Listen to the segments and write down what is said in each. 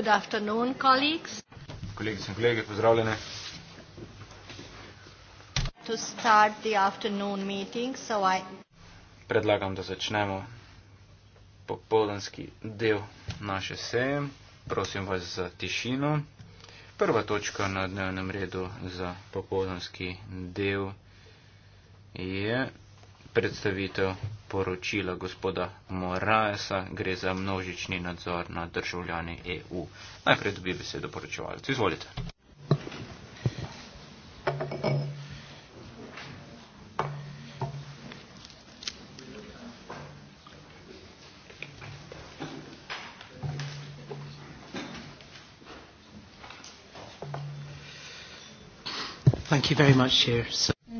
Good afternoon, colleagues. Kolegice in kolege, pozdravljene. To start the afternoon meeting, so I... Predlagam, da začnemo popoldanski del naše seje. Prosim vas za tišino. Prva točka na dnevnem redu za popoldanski del je predstavitev poročila gospoda Moraesa, gre za množični nadzor nad državljani EU. Najprej dobi besedo poročevalcu. Izvolite.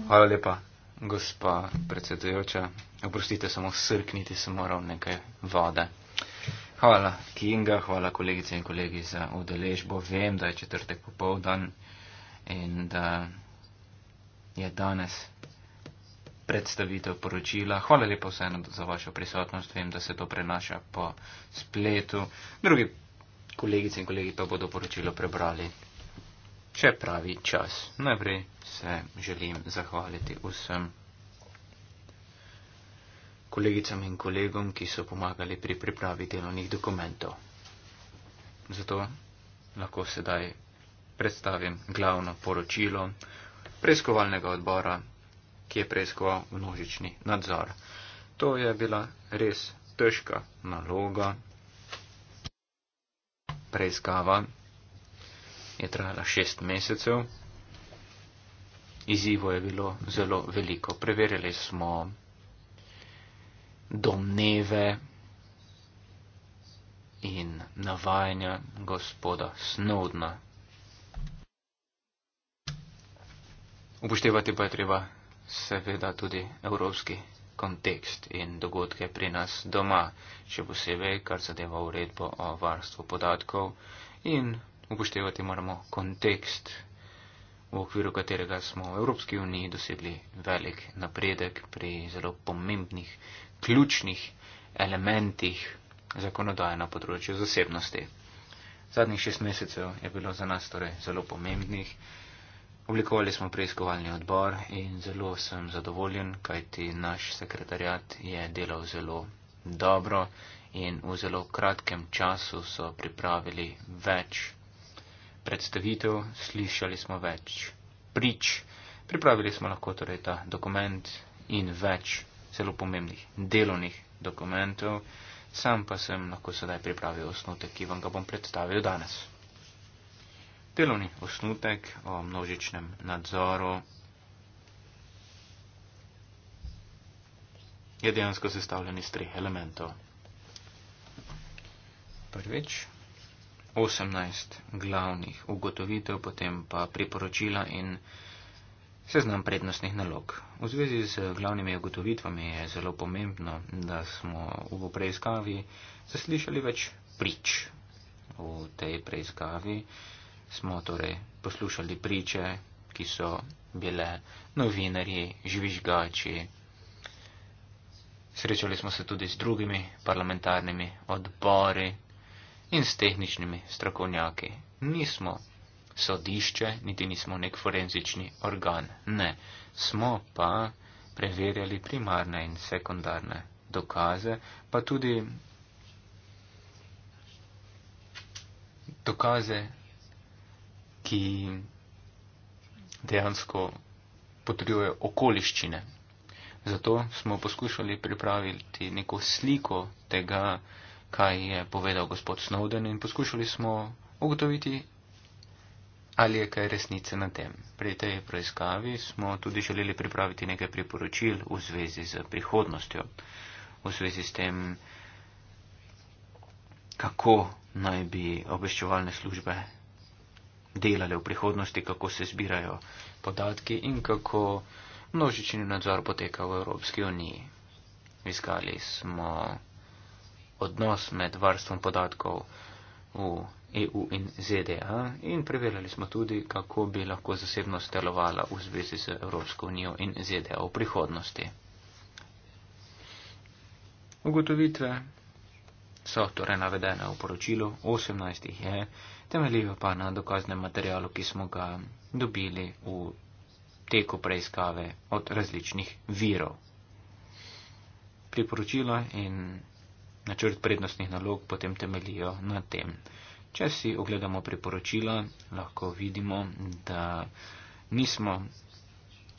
Hvala lepa, Gospa predsedujoča, oprostite, samo srkniti sem moral nekaj vode. Hvala Kinga, hvala kolegice in kolegi za udeležbo. Vem, da je četrtek popoldan in da je danes predstavitev poročila. Hvala lepa vseeno za vašo prisotnost. Vem, da se to prenaša po spletu. Drugi kolegice in kolegi pa bodo poročilo prebrali še pravi čas. Najprej se želim zahvaliti vsem kolegicam in kolegom, ki so pomagali pri pripravi delovnih dokumentov. Zato lahko sedaj predstavim glavno poročilo preiskovalnega odbora, ki je preiskoval množični nadzor. To je bila res težka naloga. Preiskava je trajala šest mesecev. Izivo je bilo zelo veliko. Preverili smo domneve in navajanja gospoda Snowdna. Upoštevati pa je treba seveda tudi evropski kontekst in dogodke pri nas doma, še posebej, kar zadeva uredbo o varstvu podatkov in upoštevati moramo kontekst, v okviru katerega smo v Evropski uniji dosegli velik napredek pri zelo pomembnih, ključnih elementih zakonodaje na področju zasebnosti. Zadnjih šest mesecev je bilo za nas torej zelo pomembnih. Oblikovali smo preiskovalni odbor in zelo sem zadovoljen, kajti naš sekretarjat je delal zelo dobro in v zelo kratkem času so pripravili več predstavitev, slišali smo več prič, pripravili smo lahko torej ta dokument in več zelo pomembnih delovnih dokumentov, sam pa sem lahko sedaj pripravil osnutek, ki vam ga bom predstavil danes. Delovni osnutek o množičnem nadzoru je dejansko sestavljen iz treh elementov. Prvič, 18 glavnih ugotovitev, potem pa priporočila in seznam prednostnih nalog. V zvezi z glavnimi ugotovitvami je zelo pomembno, da smo v preiskavi zaslišali več prič. V tej preiskavi smo torej poslušali priče, ki so bile novinarji, žvižgači. Srečali smo se tudi z drugimi parlamentarnimi odbori, in s tehničnimi strokovnjaki. Nismo sodišče, niti nismo nek forenzični organ. Ne, smo pa preverjali primarne in sekundarne dokaze, pa tudi dokaze, ki dejansko potrjujejo okoliščine. Zato smo poskušali pripraviti neko sliko tega, kaj je povedal gospod Snowden in poskušali smo ugotoviti, ali je kaj resnice na tem. Pri tej preiskavi smo tudi želeli pripraviti nekaj priporočil v zvezi z prihodnostjo, v zvezi s tem, kako naj bi obveščevalne službe delale v prihodnosti, kako se zbirajo podatki in kako množični nadzor poteka v Evropski uniji. Iskali smo odnos med varstvom podatkov v EU in ZDA in preverjali smo tudi, kako bi lahko zasebnost delovala v zvezi z Evropsko unijo in ZDA v prihodnosti. Ugotovitve so torej navedene v poročilu, 18 jih je, temeljijo pa na dokaznem materialu, ki smo ga dobili v teku preiskave od različnih virov. Priporočila in načrt prednostnih nalog potem temelijo na tem. Če si ogledamo priporočila, lahko vidimo, da nismo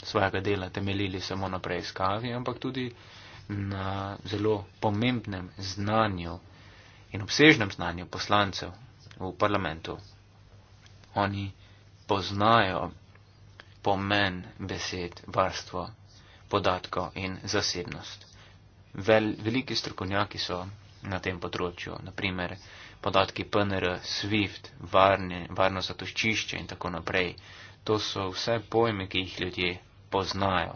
svojega dela temeljili samo na preiskavi, ampak tudi na zelo pomembnem znanju in obsežnem znanju poslancev v parlamentu. Oni poznajo pomen besed varstvo podatkov in zasebnost. Veliki strokovnjaki so na tem področju, naprimer podatki PNR, SWIFT, varne, varno zatoščišče in tako naprej. To so vse pojme, ki jih ljudje poznajo.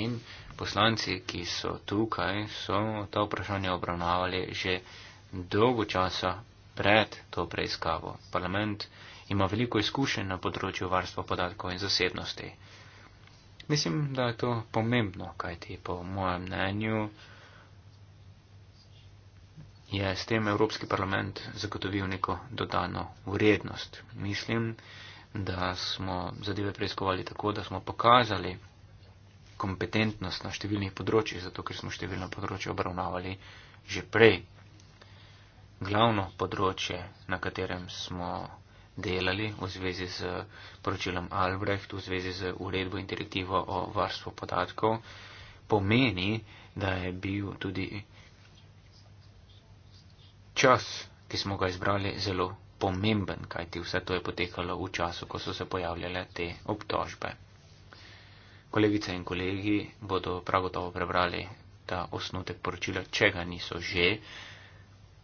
In poslanci, ki so tukaj, so ta vprašanja obravnavali že dolgo časa pred to preiskavo. Parlament ima veliko izkušenj na področju varstva podatkov in zasebnosti. Mislim, da je to pomembno, kajti po mojem mnenju je s tem Evropski parlament zagotovil neko dodano vrednost. Mislim, da smo zadeve preiskovali tako, da smo pokazali kompetentnost na številnih področjih, zato ker smo številna področja obravnavali že prej. Glavno področje, na katerem smo delali v zvezi z poročilom Albrecht, v zvezi z uredbo in direktivo o varstvu podatkov, pomeni, da je bil tudi čas, ki smo ga izbrali, zelo pomemben, kajti vse to je potekalo v času, ko so se pojavljale te obtožbe. Kolegice in kolegi bodo prav gotovo prebrali ta osnutek poročila, če ga niso že.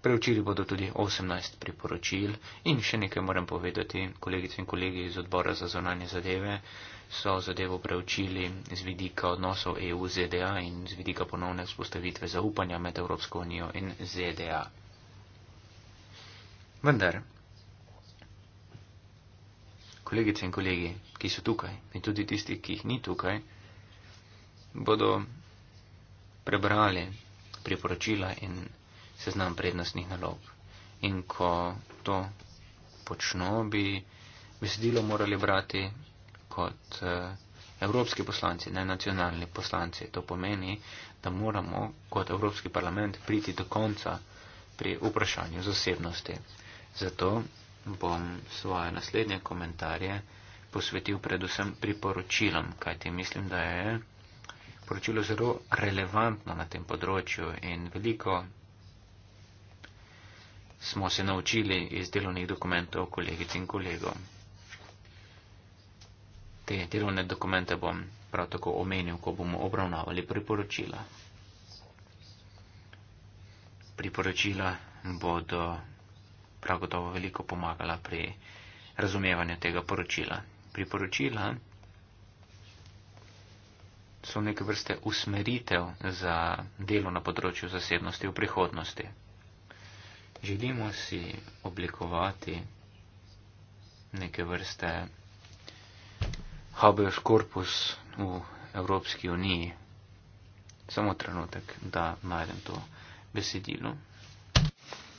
Preučili bodo tudi 18 priporočil in še nekaj moram povedati. Kolegice in kolegi iz odbora za zonanje zadeve so zadevo preučili z vidika odnosov EU-ZDA in z vidika ponovne vzpostavitve zaupanja med Evropsko unijo in ZDA. Vendar, kolegice in kolegi, ki so tukaj in tudi tisti, ki jih ni tukaj, bodo prebrali priporočila in seznam prednostnih nalog. In ko to počno, bi besedilo morali brati kot eh, evropski poslanci, ne nacionalni poslanci. To pomeni, da moramo kot Evropski parlament priti do konca pri vprašanju zasebnosti. Zato bom svoje naslednje komentarje posvetil predvsem priporočilom, kajti mislim, da je poročilo zelo relevantno na tem področju in veliko smo se naučili iz delovnih dokumentov kolegic in kolegov. Te delovne dokumente bom prav tako omenil, ko bomo obravnavali priporočila. Priporočila bodo prav gotovo veliko pomagala pri razumevanju tega poročila. Priporočila so neke vrste usmeritev za delo na področju zasebnosti v prihodnosti. Želimo si oblikovati neke vrste habeas corpus v Evropski uniji. Samo trenutek, da najdem to besedilo.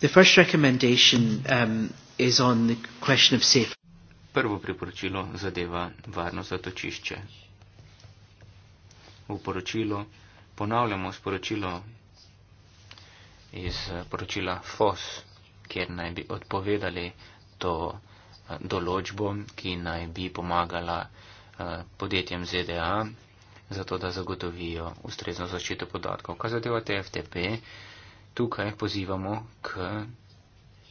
The first recommendation um, is on the question of safety. Prvo priporočilo zadeva varno zatočišče. V poročilu ponavljamo sporočilo iz eh, poročila FOS, kjer naj bi odpovedali to eh, določbo, ki naj bi pomagala eh, podjetjem ZDA, zato da zagotovijo ustrezno zaščito podatkov. Kar zadeva TFTP, tukaj pozivamo k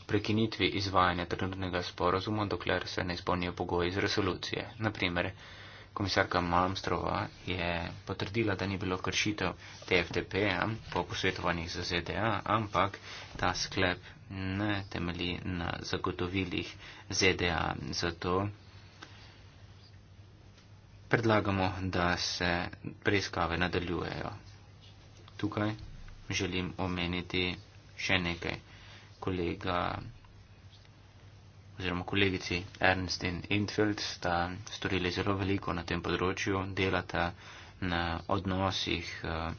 prekinitvi izvajanja trenutnega sporozuma, dokler se ne izpolnijo pogoji iz resolucije. Naprimer, komisarka Malmstrova je potrdila, da ni bilo kršitev TFTP po posvetovanjih za ZDA, ampak ta sklep ne temeli na zagotovilih ZDA. Zato predlagamo, da se preiskave nadaljujejo. Tukaj želim omeniti še nekaj. Kolega oziroma kolegici Ernst in Infeld sta storili zelo veliko na tem področju, delata na odnosih eh,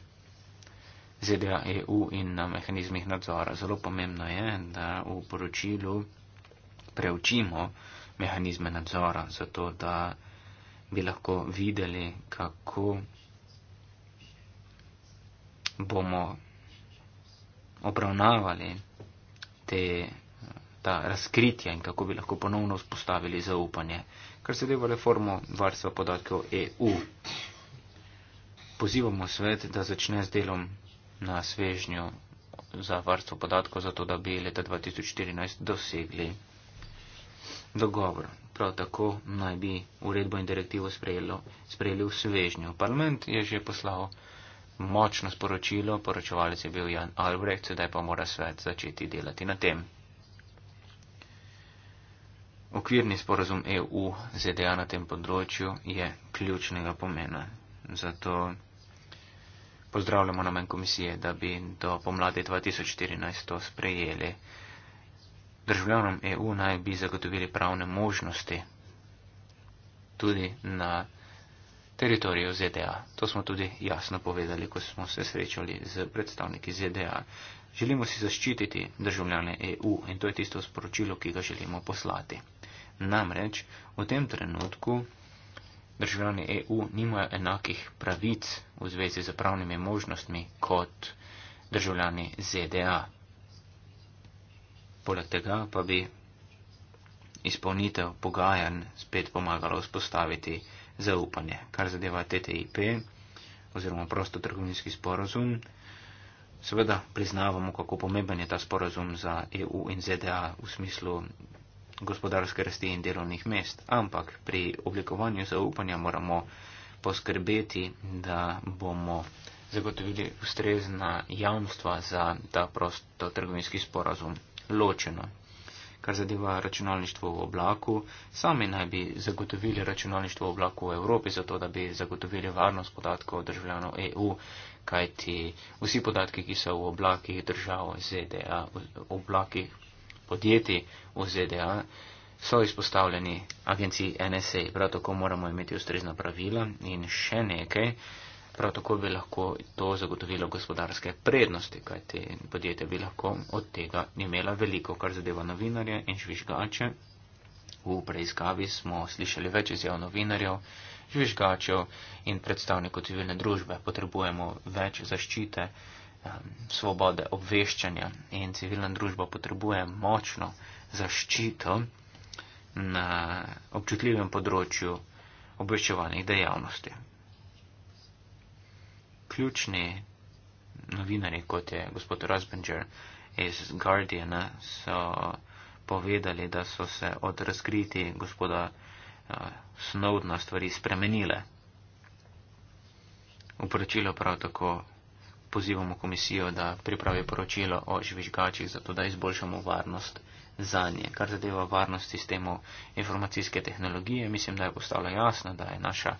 ZDA EU in na mehanizmih nadzora. Zelo pomembno je, da v poročilu preučimo mehanizme nadzora, zato da bi lahko videli, kako bomo obravnavali te, ta razkritja in kako bi lahko ponovno vzpostavili zaupanje, kar se deva reformo varstva podatkov EU. Pozivamo svet, da začne z delom na svežnju za varstvo podatkov, zato da bi leta 2014 dosegli dogovor. Prav tako naj bi uredbo in direktivo sprejelo, sprejeli v svežnju. Parlament je že poslal močno sporočilo, poročevalec je bil Jan Albrecht, sedaj pa mora svet začeti delati na tem. Okvirni sporazum EU ZDA na tem področju je ključnega pomena. Zato pozdravljamo namen komisije, da bi do pomladi 2014 to sprejeli. Državljanom EU naj bi zagotovili pravne možnosti tudi na teritorijo ZDA. To smo tudi jasno povedali, ko smo se srečali z predstavniki ZDA. Želimo si zaščititi državljane EU in to je tisto sporočilo, ki ga želimo poslati. Namreč v tem trenutku državljani EU nimajo enakih pravic v zvezi z pravnimi možnostmi kot državljani ZDA. Poleg tega pa bi izpolnitev pogajanj spet pomagalo vzpostaviti zaupanje. Kar zadeva TTIP oziroma prostotrgovinski sporozum, seveda priznavamo, kako pomemben je ta sporozum za EU in ZDA v smislu gospodarske rasti in delovnih mest, ampak pri oblikovanju zaupanja moramo poskrbeti, da bomo zagotovili ustrezna jamstva za ta prostotrgovinski sporozum ločeno kar zadeva računalništvo v oblaku. Sami naj bi zagotovili računalništvo v oblaku v Evropi, zato da bi zagotovili varnost podatkov državljanov EU, kajti vsi podatki, ki so v oblakih držav ZDA, v oblakih podjetij v ZDA, so izpostavljeni agenciji NSA. Prav tako moramo imeti ustrezna pravila in še nekaj. Prav tako bi lahko to zagotovilo gospodarske prednosti, kajti podjetje bi lahko od tega imela veliko, kar zadeva novinarje in žvižgače. V preiskavi smo slišali več izjav novinarjev, žvižgačev in predstavnikov civilne družbe. Potrebujemo več zaščite, svobode obveščanja in civilna družba potrebuje močno zaščito na občutljivem področju obveščevalnih dejavnosti ključni novinari, kot je gospod Rasbinger iz Guardiana, so povedali, da so se od razkriti gospoda eh, Snowdna stvari spremenile. V poročilo prav tako pozivamo komisijo, da pripravi poročilo o žvižgačih, zato da izboljšamo varnost za nje. Kar zadeva varnost sistemov informacijske tehnologije, mislim, da je postalo jasno, da je naša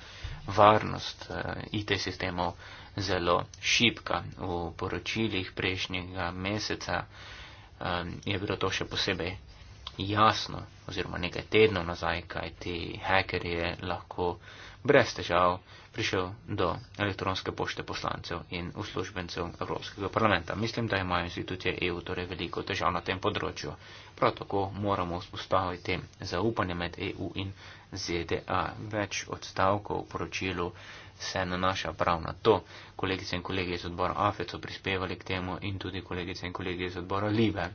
varnost eh, IT sistemov zelo šipka. V poročilih prejšnjega meseca eh, je bilo to še posebej jasno, oziroma nekaj tednov nazaj, kaj ti hekerje lahko brez težav prišel do elektronske pošte poslancev in uslužbencev Evropskega parlamenta. Mislim, da imajo institucije EU torej veliko težav na tem področju. Prav tako moramo vzpostaviti zaupanje med EU in ZDA. Več odstavkov v poročilu se nanaša prav na to. Kolegice in kolege iz odbora AFED so prispevali k temu in tudi kolegice in kolege iz odbora LIBE.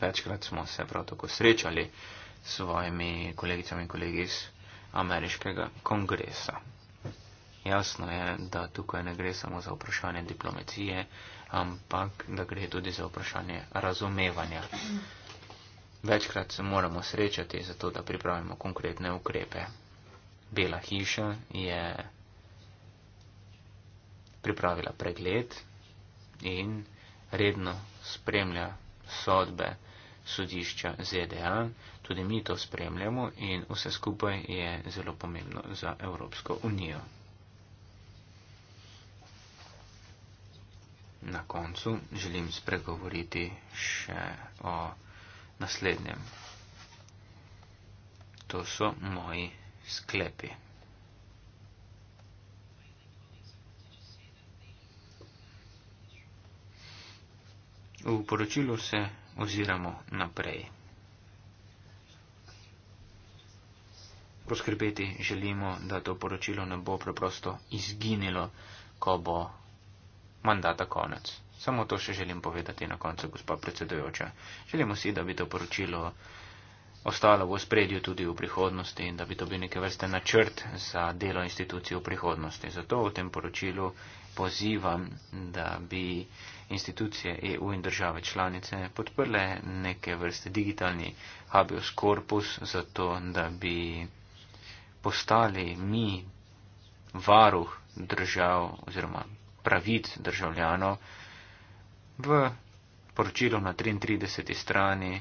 Večkrat smo se prav tako srečali s svojimi kolegicami in kolegi iz ameriškega kongresa. Jasno je, da tukaj ne gre samo za vprašanje diplomacije, ampak da gre tudi za vprašanje razumevanja. Večkrat se moramo srečati, zato da pripravimo konkretne ukrepe. Bela hiša je pripravila pregled in redno spremlja sodbe sodišča ZDA. Tudi mi to spremljamo in vse skupaj je zelo pomembno za Evropsko unijo. na koncu želim spregovoriti še o naslednjem. To so moji sklepi. V poročilu se oziramo naprej. Poskrbeti želimo, da to poročilo ne bo preprosto izginilo, ko bo mandata konec. Samo to še želim povedati na koncu, gospod predsedujoča. Želimo si, da bi to poročilo ostalo v spredju tudi v prihodnosti in da bi to bil neke vrste načrt za delo institucij v prihodnosti. Zato v tem poročilu pozivam, da bi institucije EU in države članice podprle neke vrste digitalni habeus corpus, zato da bi postali mi varuh držav oziroma pravic državljanov. V poročilu na 33. strani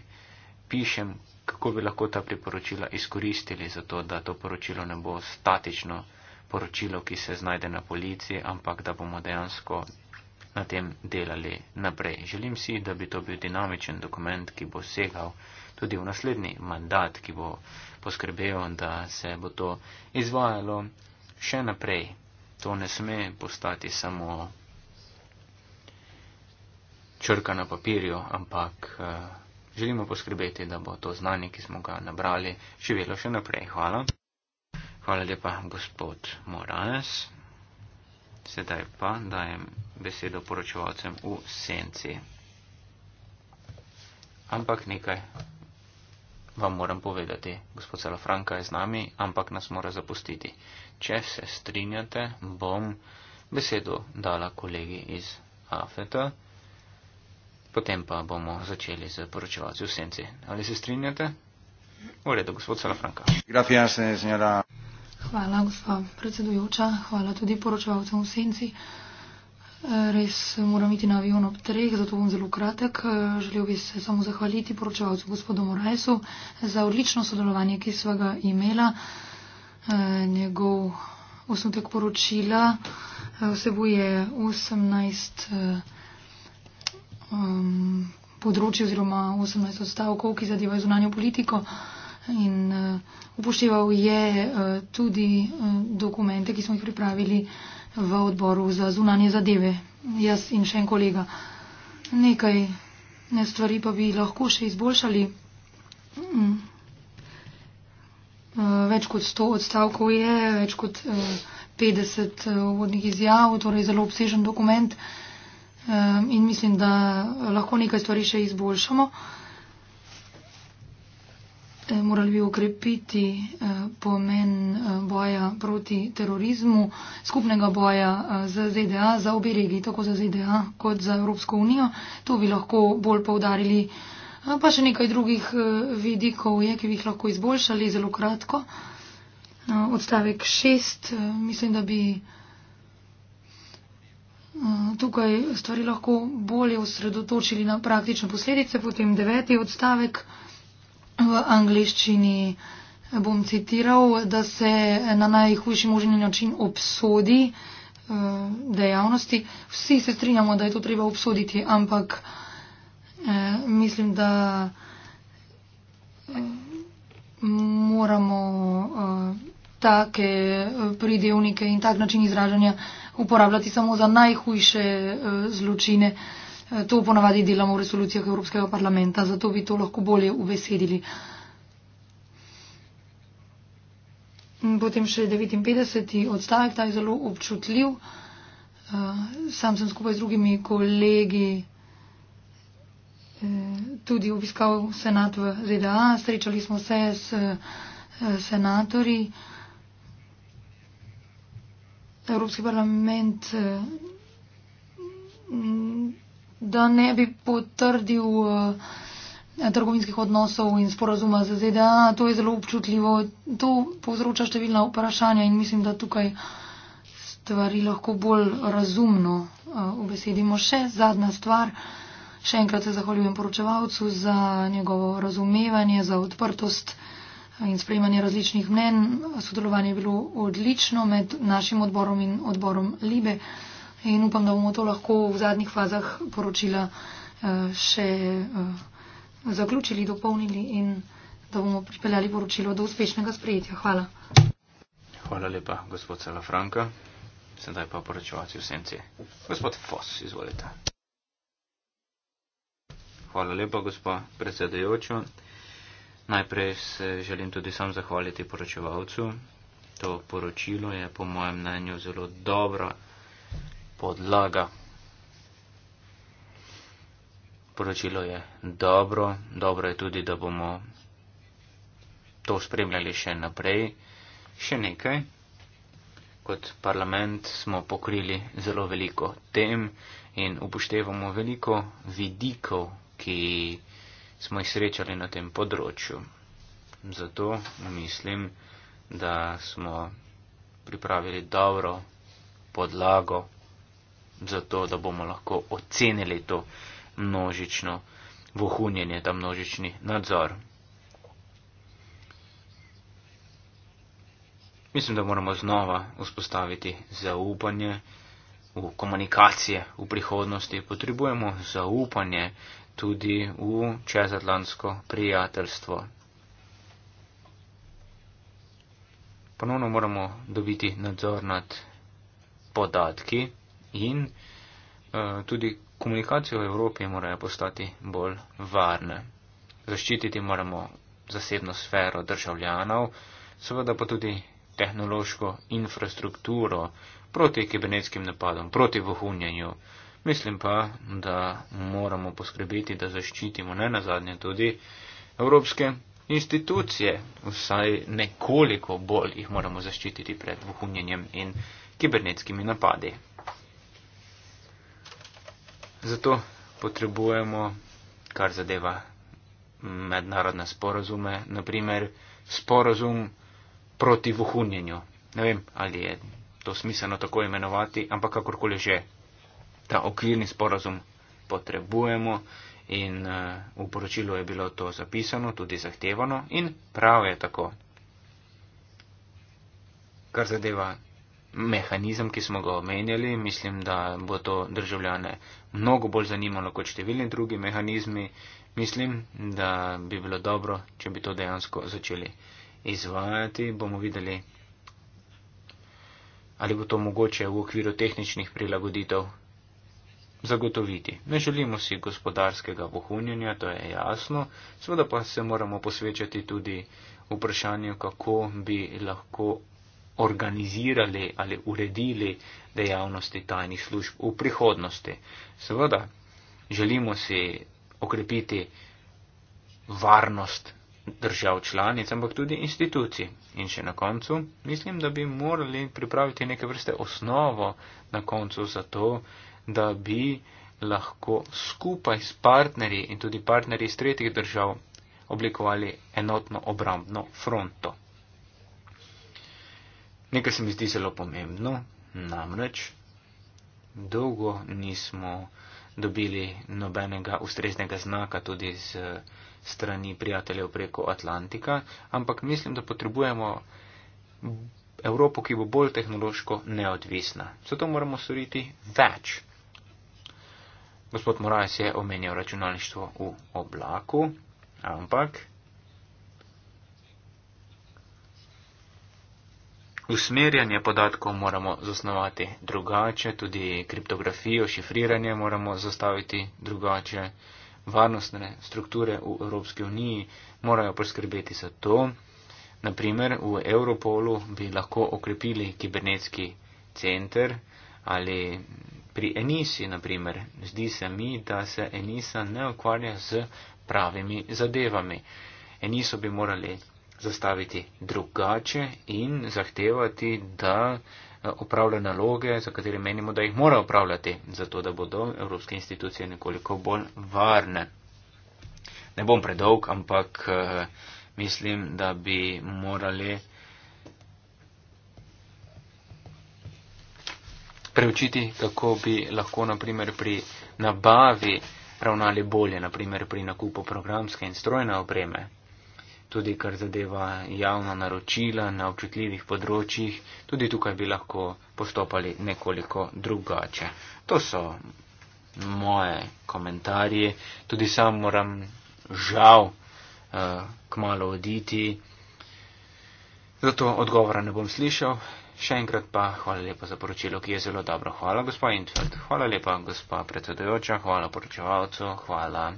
pišem, kako bi lahko ta priporočila izkoristili za to, da to poročilo ne bo statično poročilo, ki se znajde na policiji, ampak da bomo dejansko na tem delali naprej. Želim si, da bi to bil dinamičen dokument, ki bo segal tudi v naslednji mandat, ki bo poskrbel, da se bo to izvajalo še naprej to ne sme postati samo črka na papirju, ampak eh, želimo poskrbeti, da bo to znanje, ki smo ga nabrali, živelo še naprej. Hvala. Hvala lepa, gospod Morales. Sedaj pa dajem besedo poročevalcem v senci. Ampak nekaj vam moram povedati, gospod Salafranka je z nami, ampak nas mora zapustiti. Če se strinjate, bom besedo dala kolegi iz AFET, potem pa bomo začeli z poročevalci v senci. Ali se strinjate? V redu, gospod Salafranka. Eh, Hvala, gospod predsedujoča. Hvala tudi poročevalcem v senci. Res moram iti na avion ob treh, zato bom zelo kratek. Želel bi se samo zahvaliti poročevalcu gospodu Morajsu za odlično sodelovanje, ki sva ga imela. Eh, njegov osnutek poročila eh, vsebuje 18 um, področji oziroma 18 odstavkov, ki zadevajo zunanjo politiko in eh, upošteval je tudi dokumente, ki smo jih pripravili v odboru za zunanje zadeve, jaz in še en kolega. Nekaj ne stvari pa bi lahko še izboljšali. Mm. Eh, več kot 100 odstavkov je, več kot 50 eh, eh, vodnih izjav, torej zelo obsežen dokument in mislim, da lahko nekaj stvari še izboljšamo. Eh, morali bi okrepiti eh, pomen eh, boja proti terorizmu, skupnega boja za ZDA, za obi regiji, tako za ZDA kot za Evropsko unijo. To bi lahko bolj povdarili. Pa še nekaj drugih vidikov je, ki bi jih lahko izboljšali zelo kratko. Odstavek šest, mislim, da bi tukaj stvari lahko bolje osredotočili na praktične posledice, potem deveti odstavek v angliščini bom citiral, da se na najhujši možni način obsodi eh, dejavnosti. Vsi se strinjamo, da je to treba obsoditi, ampak eh, mislim, da eh, moramo take pridevnike in tak način izražanja uporabljati samo za najhujše zločine. Eh, to ponavadi delamo v resolucijah Evropskega parlamenta, zato bi to lahko bolje uvesedili. Mm, potem še 59. odstavek, ta je zelo občutljiv. Eh, sam sem skupaj z drugimi kolegi eh, tudi obiskal senat v ZDA, srečali smo se s senatorji. Evropski parlament da ne bi potrdil eh, trgovinskih odnosov in sporazuma z ZDA. To je zelo občutljivo. To povzroča številna vprašanja in mislim, da tukaj stvari lahko bolj razumno obesedimo. Eh, Še zadnja stvar. Še enkrat se zahvaljujem poročevalcu za njegovo razumevanje, za odprtost eh, in sprejemanje različnih mnen. Sodelovanje je bilo odlično med našim odborom in odborom Libe in upam, da bomo to lahko v zadnjih fazah poročila eh, še eh, zaključili, dopolnili in da bomo pripeljali poročilo do uspešnega sprejetja. Hvala. Hvala lepa, gospod Salafranka. Sedaj pa poročevalci v senci. Gospod Fos, izvolite. Hvala lepa, gospod predsedajočo. Najprej se želim tudi sam zahvaliti poročevalcu. To poročilo je po mojem mnenju zelo dobro podlaga. Poročilo je dobro, dobro je tudi, da bomo to spremljali še naprej. Še nekaj. Kot parlament smo pokrili zelo veliko tem in upoštevamo veliko vidikov, ki smo jih srečali na tem področju. Zato mislim, da smo pripravili dobro podlago zato da bomo lahko ocenili to množično vohunjenje, ta množični nadzor. Mislim, da moramo znova vzpostaviti zaupanje v komunikacije v prihodnosti. Potrebujemo zaupanje tudi v čezatlantsko prijateljstvo. Ponovno moramo dobiti nadzor nad podatki, in uh, tudi komunikacije v Evropi morajo postati bolj varne. Zaščititi moramo zasebno sfero državljanov, seveda pa tudi tehnološko infrastrukturo proti kibernetskim napadom, proti vohunjenju. Mislim pa, da moramo poskrbeti, da zaščitimo ne nazadnje tudi evropske institucije, vsaj nekoliko bolj jih moramo zaščititi pred vohunjenjem in kibernetskimi napadi. Zato potrebujemo, kar zadeva mednarodne sporozume, naprimer sporozum proti vohunjenju. Ne vem, ali je to smiselno tako imenovati, ampak kakorkoli že, ta okvirni sporozum potrebujemo in eh, v poročilu je bilo to zapisano, tudi zahtevano in prav je tako. Kar zadeva mehanizem, ki smo ga omenjali. Mislim, da bo to državljane mnogo bolj zanimalo kot številni drugi mehanizmi. Mislim, da bi bilo dobro, če bi to dejansko začeli izvajati. Bomo videli, ali bo to mogoče v okviru tehničnih prilagoditev zagotoviti. Ne želimo si gospodarskega vohunjenja, to je jasno. Sveda pa se moramo posvečati tudi vprašanju, kako bi lahko organizirali ali uredili dejavnosti tajnih služb v prihodnosti. Seveda, želimo si okrepiti varnost držav članic, ampak tudi institucij. In še na koncu, mislim, da bi morali pripraviti neke vrste osnovo na koncu za to, da bi lahko skupaj s partnerji in tudi partnerji iz tretjih držav oblikovali enotno obrambno fronto. Nekaj se mi zdi zelo pomembno, namreč dolgo nismo dobili nobenega ustreznega znaka tudi z strani prijateljev preko Atlantika, ampak mislim, da potrebujemo Evropo, ki bo bolj tehnološko neodvisna. Zato moramo storiti več. Gospod Moraj se je omenjal računalništvo v oblaku, ampak Usmerjanje podatkov moramo zasnovati drugače, tudi kriptografijo, šifriranje moramo zastaviti drugače, varnostne strukture v Evropski uniji morajo poskrbeti za to. Naprimer, v Europolu bi lahko okrepili kibernetski center ali pri Enisi, naprimer. Zdi se mi, da se Enisa ne ukvarja z pravimi zadevami. Eniso bi morali zastaviti drugače in zahtevati, da eh, opravlja naloge, za katere menimo, da jih mora opravljati, zato da bodo evropske institucije nekoliko bolj varne. Ne bom predolg, ampak eh, mislim, da bi morali. Preučiti, kako bi lahko naprimer pri nabavi ravnali bolje, naprimer pri nakupu programske in strojne opreme, tudi kar zadeva javna naročila na občutljivih področjih, tudi tukaj bi lahko postopali nekoliko drugače. To so moje komentarje, tudi sam moram žal eh, kmalo oditi, zato odgovora ne bom slišal. Še enkrat pa hvala lepa za poročilo, ki je zelo dobro. Hvala, gospa Intfeld. Hvala lepa, gospa predsedujoča. Hvala poročevalcu. Hvala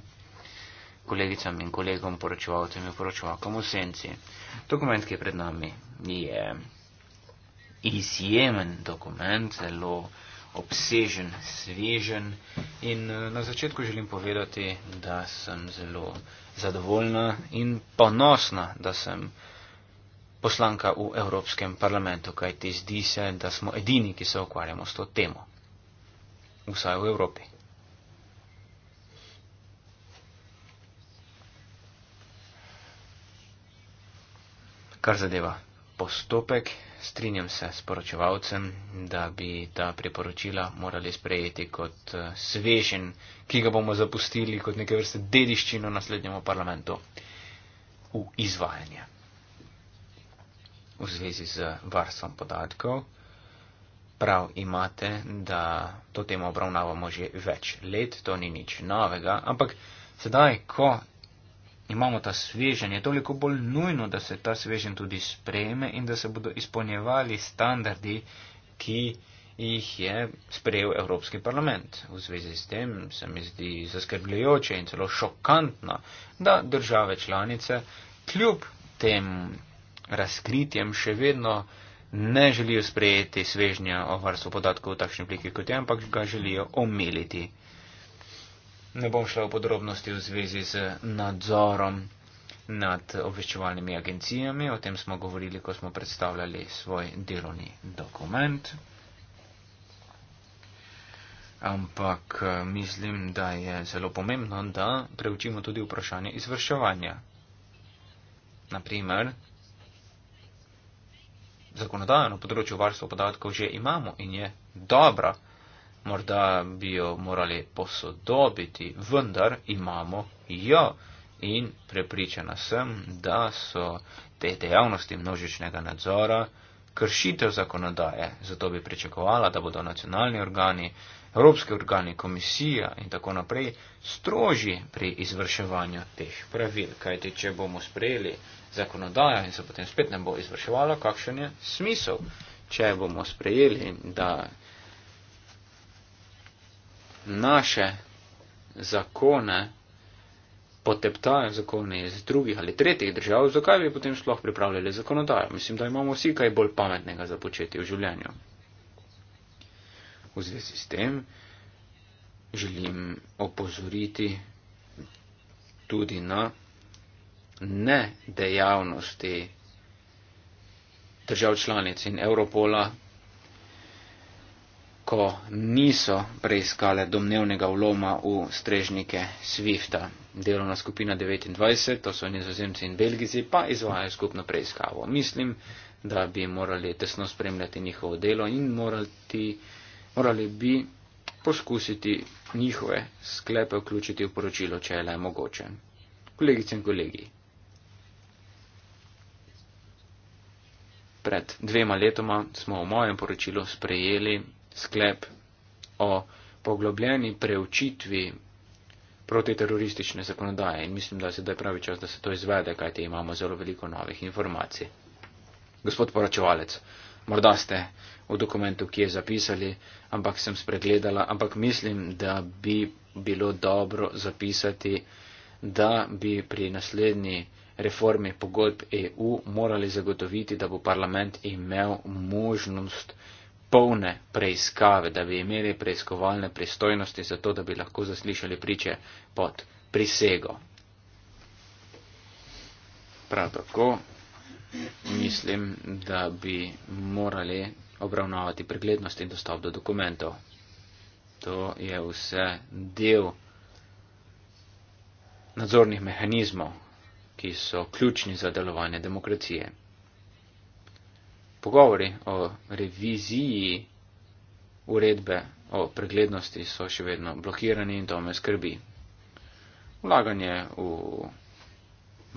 kolegicam in kolegom, poročevalcem in poročevalkom v senci. Dokument, ki je pred nami, je izjemen dokument, zelo obsežen, svežen in eh, na začetku želim povedati, da sem zelo zadovoljna in ponosna, da sem poslanka v Evropskem parlamentu, kajti zdi se, da smo edini, ki se ukvarjamo s to temo. Vsaj v Evropi. Kar zadeva postopek, strinjam se s poročevalcem, da bi ta priporočila morali sprejeti kot eh, svežen, ki ga bomo zapustili kot neke vrste dediščino naslednjemu parlamentu v izvajanje. V zvezi z varstvom podatkov, prav imate, da to temo obravnavamo že več let, to ni nič novega, ampak sedaj, ko imamo ta svežen, je toliko bolj nujno, da se ta svežen tudi sprejme in da se bodo izpolnjevali standardi, ki jih je sprejel Evropski parlament. V zvezi s tem se mi zdi zaskrbljujoče in celo šokantno, da države članice kljub tem razkritjem še vedno ne želijo sprejeti svežnja o varstvu podatkov v takšni obliki, kot je, ampak ga želijo omiliti. Ne bom šla v podrobnosti v zvezi z nadzorom nad obveščevalnimi agencijami, o tem smo govorili, ko smo predstavljali svoj delovni dokument. Ampak eh, mislim, da je zelo pomembno, da preučimo tudi vprašanje izvrševanja. Naprimer, zakonodajno področje varstva podatkov že imamo in je dobra morda bi jo morali posodobiti, vendar imamo jo in prepričana sem, da so te dejavnosti množičnega nadzora kršitev zakonodaje. Zato bi pričakovala, da bodo nacionalni organi, evropski organi, komisija in tako naprej stroži pri izvrševanju teh pravil. Kajti, če bomo sprejeli zakonodajo in se potem spet ne bo izvrševalo, kakšen je smisel? Če bomo sprejeli, da naše zakone, poteptajo zakone iz drugih ali tretjih držav, zakaj bi potem sploh pripravljali zakonodajo? Mislim, da imamo vsi kaj bolj pametnega za početi v življenju. V zvezi s tem želim opozoriti tudi na ne dejavnosti držav članic in Europola, ko niso preiskale domnevnega vloma v strežnike Swifta. Delovna skupina 29, to so nizozemci in belgizi, pa izvajajo skupno preiskavo. Mislim, da bi morali tesno spremljati njihovo delo in morati, morali bi poskusiti njihove sklepe vključiti v poročilo, če je le mogoče. Kolegice in kolegi, pred dvema letoma smo v mojem poročilu sprejeli sklep o poglobljeni preučitvi protiteroristične zakonodaje in mislim, da se da je pravi čas, da se to izvede, kajte imamo zelo veliko novih informacij. Gospod poročevalec, morda ste v dokumentu, ki je zapisali, ampak sem spregledala, ampak mislim, da bi bilo dobro zapisati, da bi pri naslednji reformi pogodb EU morali zagotoviti, da bo parlament imel možnost polne preiskave, da bi imeli preiskovalne pristojnosti za to, da bi lahko zaslišali priče pod prisego. Prav tako mislim, da bi morali obravnavati preglednost in dostop do dokumentov. To je vse del nadzornih mehanizmov, ki so ključni za delovanje demokracije pogovori o reviziji uredbe o preglednosti so še vedno blokirani in to me skrbi. Vlaganje v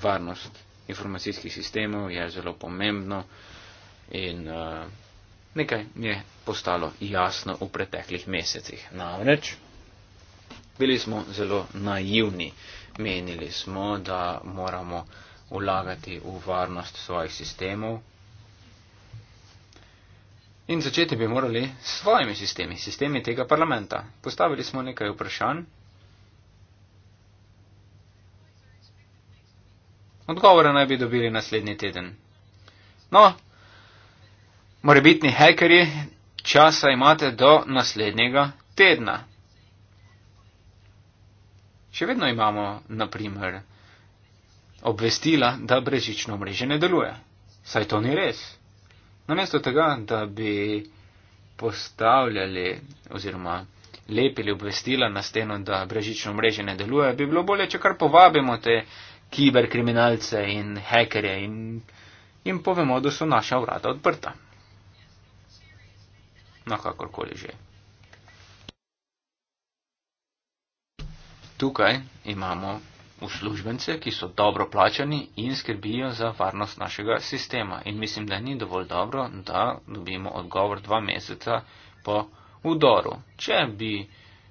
varnost informacijskih sistemov je zelo pomembno in uh, nekaj je postalo jasno v preteklih mesecih. Namreč, bili smo zelo naivni, menili smo, da moramo vlagati v varnost svojih sistemov In začeti bi morali s svojimi sistemi, sistemi tega parlamenta. Postavili smo nekaj vprašanj. Odgovore naj bi dobili naslednji teden. No, morebitni hekerji, časa imate do naslednjega tedna. Še vedno imamo, naprimer, obvestila, da brežično mreže ne deluje. Saj to ni res. Namesto tega, da bi postavljali oziroma lepili obvestila na steno, da brežično mreže ne deluje, bi bilo bolje, če kar povabimo te kiberkriminalce in hekerje in jim povemo, da so naša vrata odprta. No, kakorkoli že. Tukaj imamo uslužbence, ki so dobro plačani in skrbijo za varnost našega sistema. In mislim, da ni dovolj dobro, da dobimo odgovor dva meseca po udoru. Če bi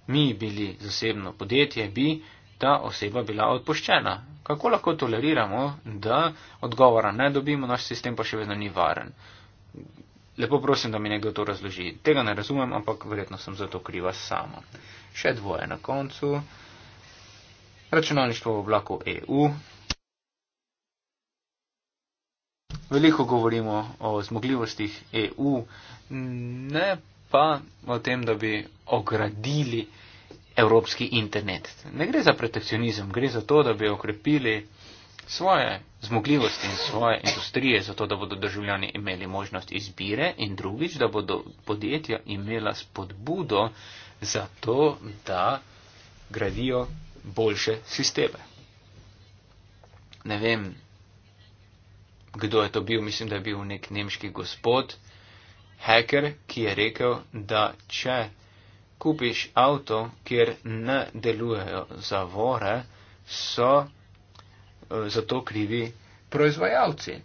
mi bili zasebno podjetje, bi ta oseba bila odpoščena. Kako lahko toleriramo, da odgovora ne dobimo, naš sistem pa še vedno ni varen? Lepo prosim, da mi nekdo to razloži. Tega ne razumem, ampak verjetno sem za to kriva sama. Še dvoje na koncu računalništvo v oblaku EU. Veliko govorimo o zmogljivostih EU, ne pa o tem, da bi ogradili evropski internet. Ne gre za protekcionizem, gre za to, da bi okrepili svoje zmogljivosti in svoje industrije, zato da bodo državljani imeli možnost izbire in drugič, da bodo podjetja imela spodbudo za to, da gradijo boljše sisteme. Ne vem, kdo je to bil, mislim, da je bil nek nemški gospod, hacker, ki je rekel, da če kupiš avto, kjer ne delujejo zavore, so eh, za to krivi proizvajalci.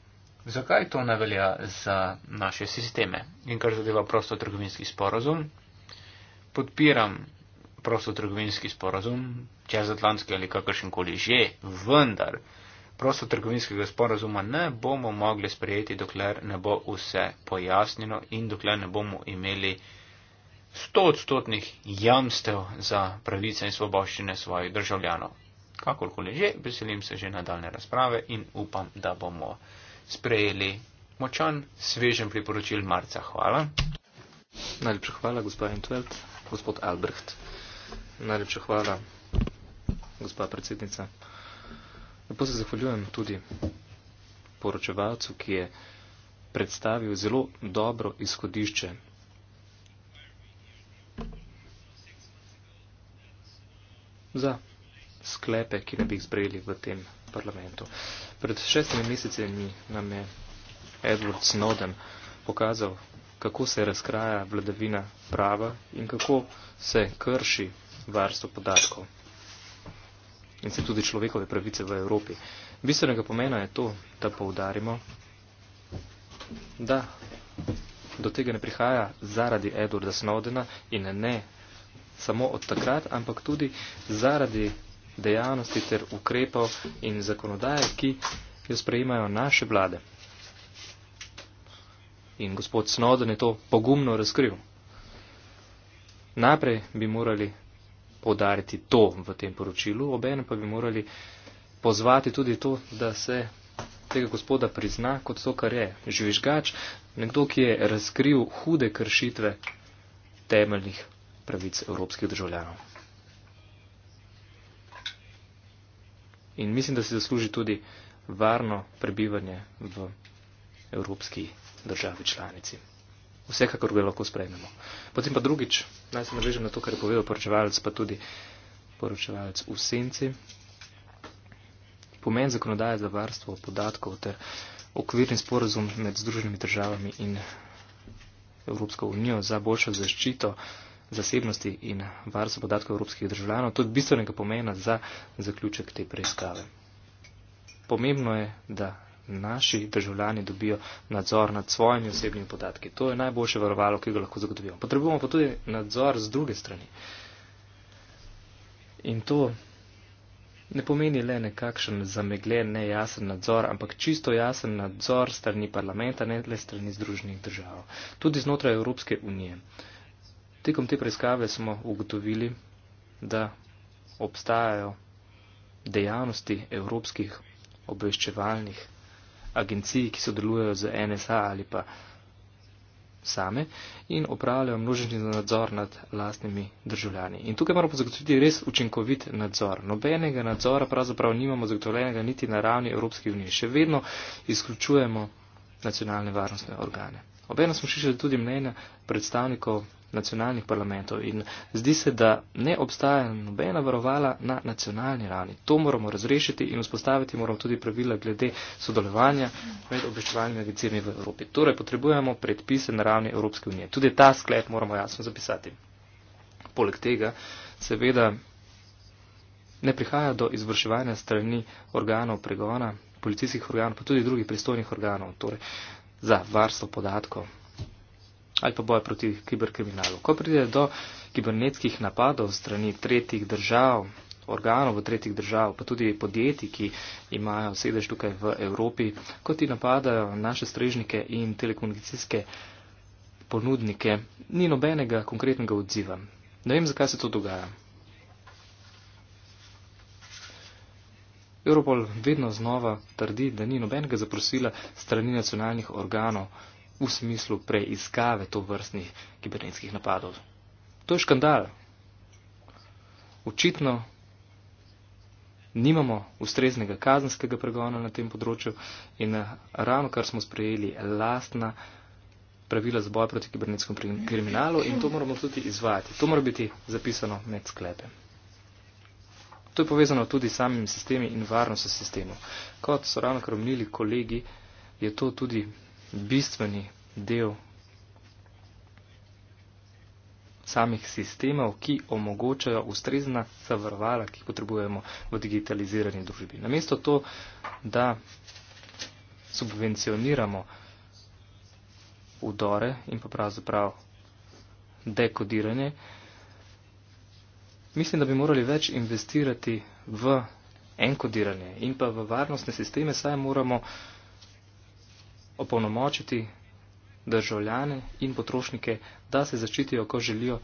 Zakaj to ne velja za naše sisteme? In kar zadeva prosto trgovinski sporozum, podpiram prostotrgovinski sporazum, čezatlantski ali kakršen koli že, vendar prostotrgovinskega sporazuma ne bomo mogli sprejeti, dokler ne bo vse pojasnjeno in dokler ne bomo imeli stotstotnih jamstev za pravice in svoboščine svojih državljanov. Kakorkoli že, veselim se že nadaljne razprave in upam, da bomo sprejeli močan, svežen priporočil marca. Hvala. Najlepša hvala, gospod Entwelt, gospod Albrecht. Najlepša hvala, gospa predsednica. Lepo se zahvaljujem tudi poročevalcu, ki je predstavil zelo dobro izhodišče. za sklepe, ki ne bi jih sprejeli v tem parlamentu. Pred šestimi meseci mi nam je Edward Snowden pokazal, kako se razkraja vladavina prava in kako se krši varstvo podatkov in se tudi človekove pravice v Evropi. Bistvenega pomena je to, da poudarimo, da do tega ne prihaja zaradi Edwarda Snowdena in ne samo od takrat, ampak tudi zaradi dejavnosti ter ukrepov in zakonodaje, ki jo sprejemajo naše vlade. In gospod Snowden je to pogumno razkril. Naprej bi morali podariti to v tem poročilu, obenem pa bi morali pozvati tudi to, da se tega gospoda prizna kot to, kar je živižgač, nekdo, ki je razkril hude kršitve temeljnih pravic evropskih državljanov. In mislim, da si zasluži tudi varno prebivanje v evropski državi članici vsekakor ga lahko sprejmemo. Potem pa drugič, naj se navežem na to, kar je povedal poročevalec, pa tudi poročevalec v senci. Pomen zakonodaje za varstvo podatkov ter okvirni sporozum med Združenimi državami in Evropsko unijo za boljšo zaščito zasebnosti in varstvo podatkov evropskih državljanov, to je bistvenega pomena za zaključek te preiskave. Pomembno je, da naši državljani dobijo nadzor nad svojimi osebnimi podatki. To je najboljše varovalo, ki ga lahko zagotovimo. Potrebujemo pa tudi nadzor z druge strani. In to ne pomeni le nekakšen zamegljen, nejasen nadzor, ampak čisto jasen nadzor strani parlamenta, ne le strani združenih držav. Tudi znotraj Evropske unije. Tekom te preiskave smo ugotovili, da obstajajo dejavnosti evropskih obveščevalnih agenciji, ki sodelujejo z NSA ali pa same in opravljajo množični nadzor nad lastnimi državljani. In tukaj moramo zagotoviti res učinkovit nadzor. Nobenega nadzora pravzaprav nimamo zagotovljenega niti na ravni Evropske unije. Še vedno izključujemo nacionalne varnostne organe. Obeno smo slišali tudi mnenja predstavnikov nacionalnih parlamentov. In zdi se, da ne obstaja nobena varovala na nacionalni ravni. To moramo razrešiti in vzpostaviti moramo tudi pravila glede sodelovanja med obveščevalnimi agencijami v Evropi. Torej potrebujemo predpise na ravni Evropske unije. Tudi ta sklep moramo jasno zapisati. Poleg tega seveda ne prihaja do izvrševanja strani organov pregona, policijskih organov, pa tudi drugih pristojnih organov, torej za varstvo podatkov ali pa boja proti kiberkriminalu. Ko pride do kibernetskih napadov strani tretjih držav, organov v tretjih držav, pa tudi podjetij, ki imajo sedež tukaj v Evropi, ko ti napadajo naše strežnike in telekomunikacijske ponudnike, ni nobenega konkretnega odziva. Ne vem, zakaj se to dogaja. Europol vedno znova trdi, da ni nobenega zaprosila strani nacionalnih organov v smislu preiskave to vrstnih kibernetskih napadov. To je škandal. Očitno nimamo ustreznega kazenskega pregona na tem področju in eh, ravno kar smo sprejeli lastna pravila za boj proti kibernetskom kriminalu in to moramo tudi izvajati. To mora biti zapisano med sklepe. To je povezano tudi s samimi sistemi in varnostjo sistemov. Kot so ravno kar omenili kolegi, je to tudi bistveni del samih sistemov, ki omogočajo ustrezna zavarovala, ki potrebujemo v digitalizirani družbi. Namesto to, da subvencioniramo udore in pa pravzaprav dekodiranje, mislim, da bi morali več investirati v enkodiranje in pa v varnostne sisteme, saj moramo opolnomočiti državljane in potrošnike, da se začitijo, ko želijo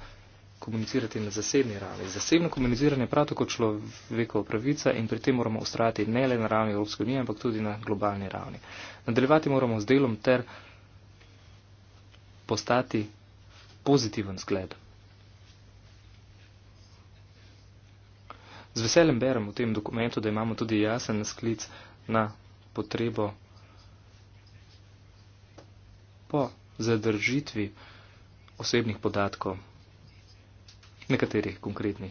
komunicirati na zasebni ravni. Zasebno komuniciranje je prav tako človekova pravica in pri tem moramo ustrajati ne le na ravni Evropske unije, ampak tudi na globalni ravni. Nadaljevati moramo z delom ter postati pozitiven zgled. Z veseljem berem v tem dokumentu, da imamo tudi jasen sklic na potrebo po zadržitvi osebnih podatkov, nekaterih konkretnih.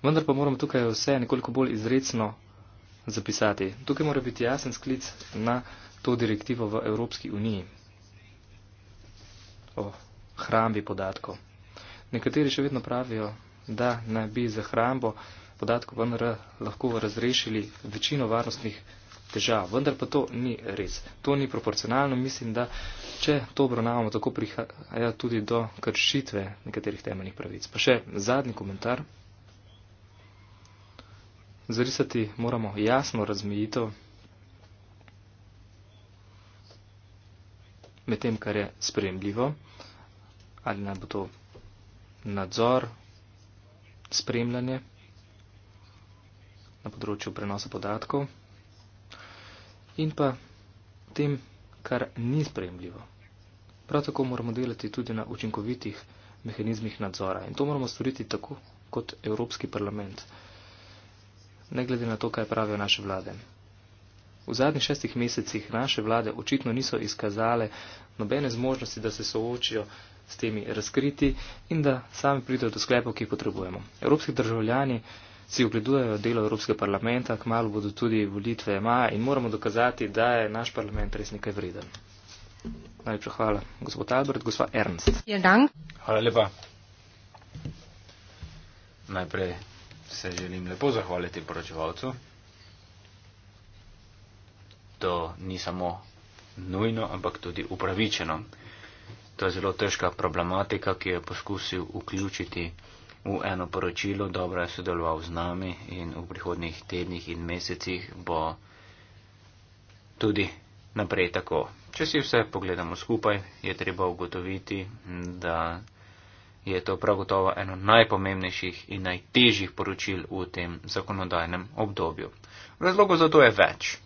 Vendar pa moramo tukaj vse nekoliko bolj izredno zapisati. Tukaj mora biti jasen sklic na to direktivo v Evropski uniji o hrambi podatkov. Nekateri še vedno pravijo, da naj bi za hrambo podatkov vendar lahko razrešili večino varnostnih težav. Vendar pa to ni res. To ni proporcionalno. Mislim, da če to obravnavamo, tako prihaja tudi do kršitve nekaterih temeljnih pravic. Pa še zadnji komentar. Zarisati moramo jasno razmejitev med tem, kar je spremljivo, ali naj bo to nadzor, spremljanje na področju prenosa podatkov in pa tem, kar ni sprejemljivo. Prav tako moramo delati tudi na učinkovitih mehanizmih nadzora in to moramo storiti tako kot Evropski parlament, ne glede na to, kaj pravijo naše vlade. V zadnjih šestih mesecih naše vlade očitno niso izkazale nobene zmožnosti, da se soočijo s temi razkriti in da sami pridejo do sklepov, ki jih potrebujemo. Evropski državljani si ogledujejo delo Evropske parlamenta, kmalo bodo tudi volitve maja in moramo dokazati, da je naš parlament res nekaj vreden. Najprej hvala, gospod Albert, gospa Ernst. Ja, hvala lepa. Najprej se želim lepo zahvaliti poročevalcu. To ni samo nujno, ampak tudi upravičeno. To je zelo težka problematika, ki je poskusil vključiti v eno poročilo, dobro je sodeloval z nami in v prihodnih tednih in mesecih bo tudi naprej tako. Če si vse pogledamo skupaj, je treba ugotoviti, da je to prav gotovo eno najpomembnejših in najtežjih poročil v tem zakonodajnem obdobju. Razlogov za to je več.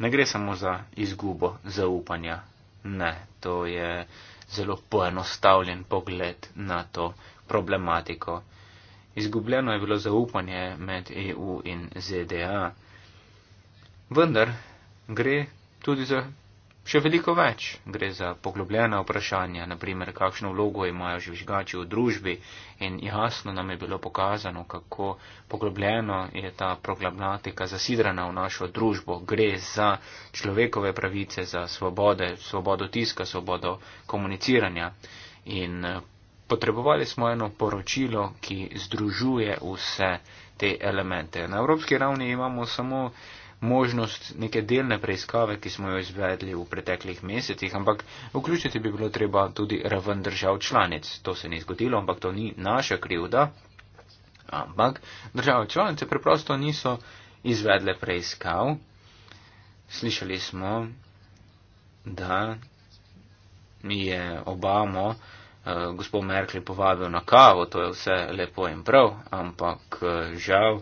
Ne gre samo za izgubo zaupanja. Ne, to je zelo poenostavljen pogled na to, problematiko. Izgubljeno je bilo zaupanje med EU in ZDA. Vendar gre tudi za še veliko več. Gre za poglobljena vprašanja, naprimer, kakšno vlogo imajo žvižgači v družbi in jasno nam je bilo pokazano, kako poglobljeno je ta problematika zasidrana v našo družbo. Gre za človekove pravice, za svobode, svobodo tiska, svobodo komuniciranja in eh, potrebovali smo eno poročilo, ki združuje vse te elemente. Na evropski ravni imamo samo možnost neke delne preiskave, ki smo jo izvedli v preteklih mesecih, ampak vključiti bi bilo treba tudi raven držav članic. To se ni zgodilo, ampak to ni naša krivda. Ampak države članice preprosto niso izvedle preiskav. Slišali smo, da je Obamo uh, gospod Merkel povabil na kavo, to je vse lepo in prav, ampak uh, žal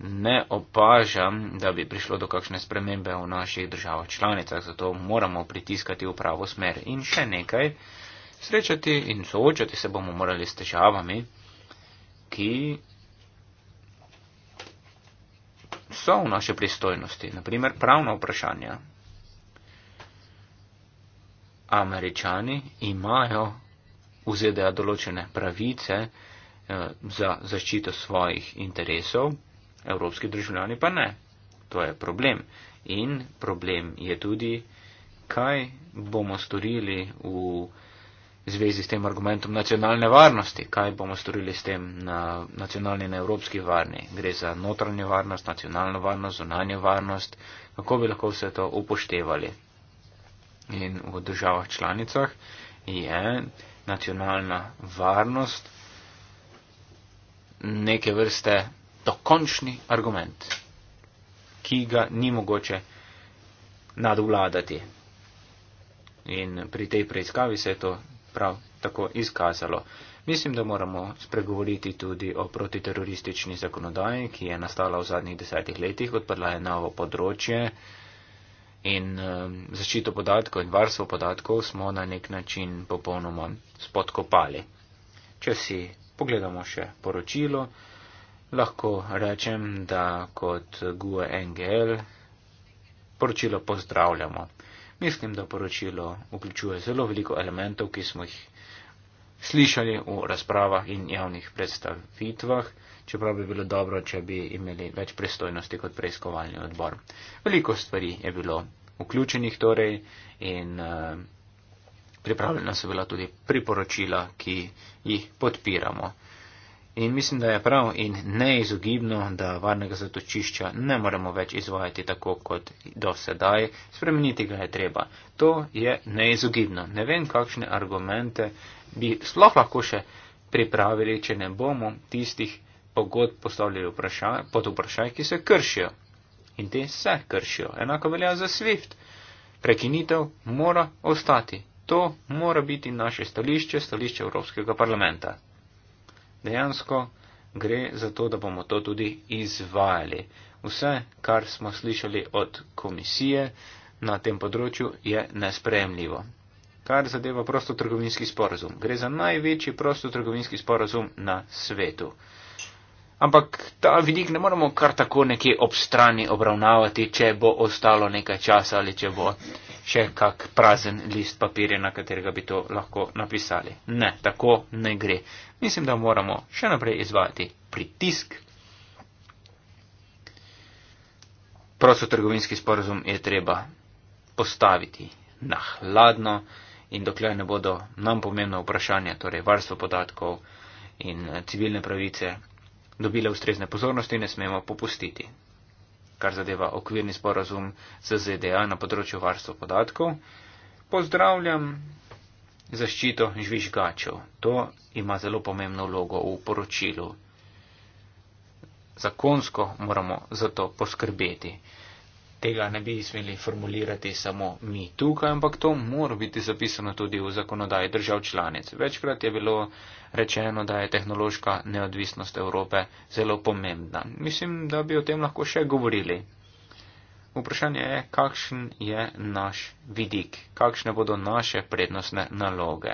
ne opažam, da bi prišlo do kakšne spremembe v naših državah članicah, zato moramo pritiskati v pravo smer. In še nekaj, srečati in soočati se bomo morali s težavami, ki so v naše pristojnosti, naprimer pravna vprašanja. Američani imajo v ZDA določene pravice eh, za zaščito svojih interesov, evropski državljani pa ne. To je problem. In problem je tudi, kaj bomo storili v zvezi s tem argumentom nacionalne varnosti, kaj bomo storili s tem na nacionalni in na evropski varni. Gre za notranjo varnost, nacionalno varnost, zunanjo varnost, kako bi lahko vse to upoštevali. In v državah članicah je nacionalna varnost neke vrste dokončni argument, ki ga ni mogoče nadvladati. In pri tej preiskavi se je to prav tako izkazalo. Mislim, da moramo spregovoriti tudi o protiteroristični zakonodaji, ki je nastala v zadnjih desetih letih, odprla je novo področje in um, zaščito podatkov in varstvo podatkov smo na nek način popolnoma spodkopali. Če si pogledamo še poročilo, lahko rečem, da kot GUE NGL poročilo pozdravljamo. Mislim, da poročilo vključuje zelo veliko elementov, ki smo jih slišali v razpravah in javnih predstavitvah čeprav bi bilo dobro, če bi imeli več pristojnosti kot preiskovalni odbor. Veliko stvari je bilo vključenih torej in uh, pripravljena so bila tudi priporočila, ki jih podpiramo. In mislim, da je prav in neizogibno, da varnega zatočišča ne moremo več izvajati tako kot do sedaj, spremeniti ga je treba. To je neizogibno. Ne vem, kakšne argumente bi sploh lahko še pripravili, če ne bomo tistih pogod postavljajo vprašaj, pod vprašaj, ki se kršijo. In te se kršijo. Enako velja za SWIFT. Prekinitev mora ostati. To mora biti naše stališče, stališče Evropskega parlamenta. Dejansko gre za to, da bomo to tudi izvajali. Vse, kar smo slišali od komisije na tem področju, je nespremljivo. Kar zadeva prostotrgovinski sporazum. Gre za največji prostotrgovinski sporazum na svetu. Ampak ta vidik ne moremo kar tako nekje ob strani obravnavati, če bo ostalo nekaj časa ali če bo še kak prazen list papirja, na katerega bi to lahko napisali. Ne, tako ne gre. Mislim, da moramo še naprej izvajati pritisk. Prostotrgovinski sporozum je treba postaviti na hladno in dokler ne bodo nam pomembno vprašanje, torej varstvo podatkov in civilne pravice, dobile ustrezne pozornosti, ne smemo popustiti. Kar zadeva okvirni sporazum z ZDA na področju varstva podatkov, pozdravljam zaščito žvižgačev. To ima zelo pomembno vlogo v poročilu. Zakonsko moramo za to poskrbeti tega ne bi smeli formulirati samo mi tukaj, ampak to mora biti zapisano tudi v zakonodaji držav članic. Večkrat je bilo rečeno, da je tehnološka neodvisnost Evrope zelo pomembna. Mislim, da bi o tem lahko še govorili. Vprašanje je, kakšen je naš vidik, kakšne bodo naše prednostne naloge.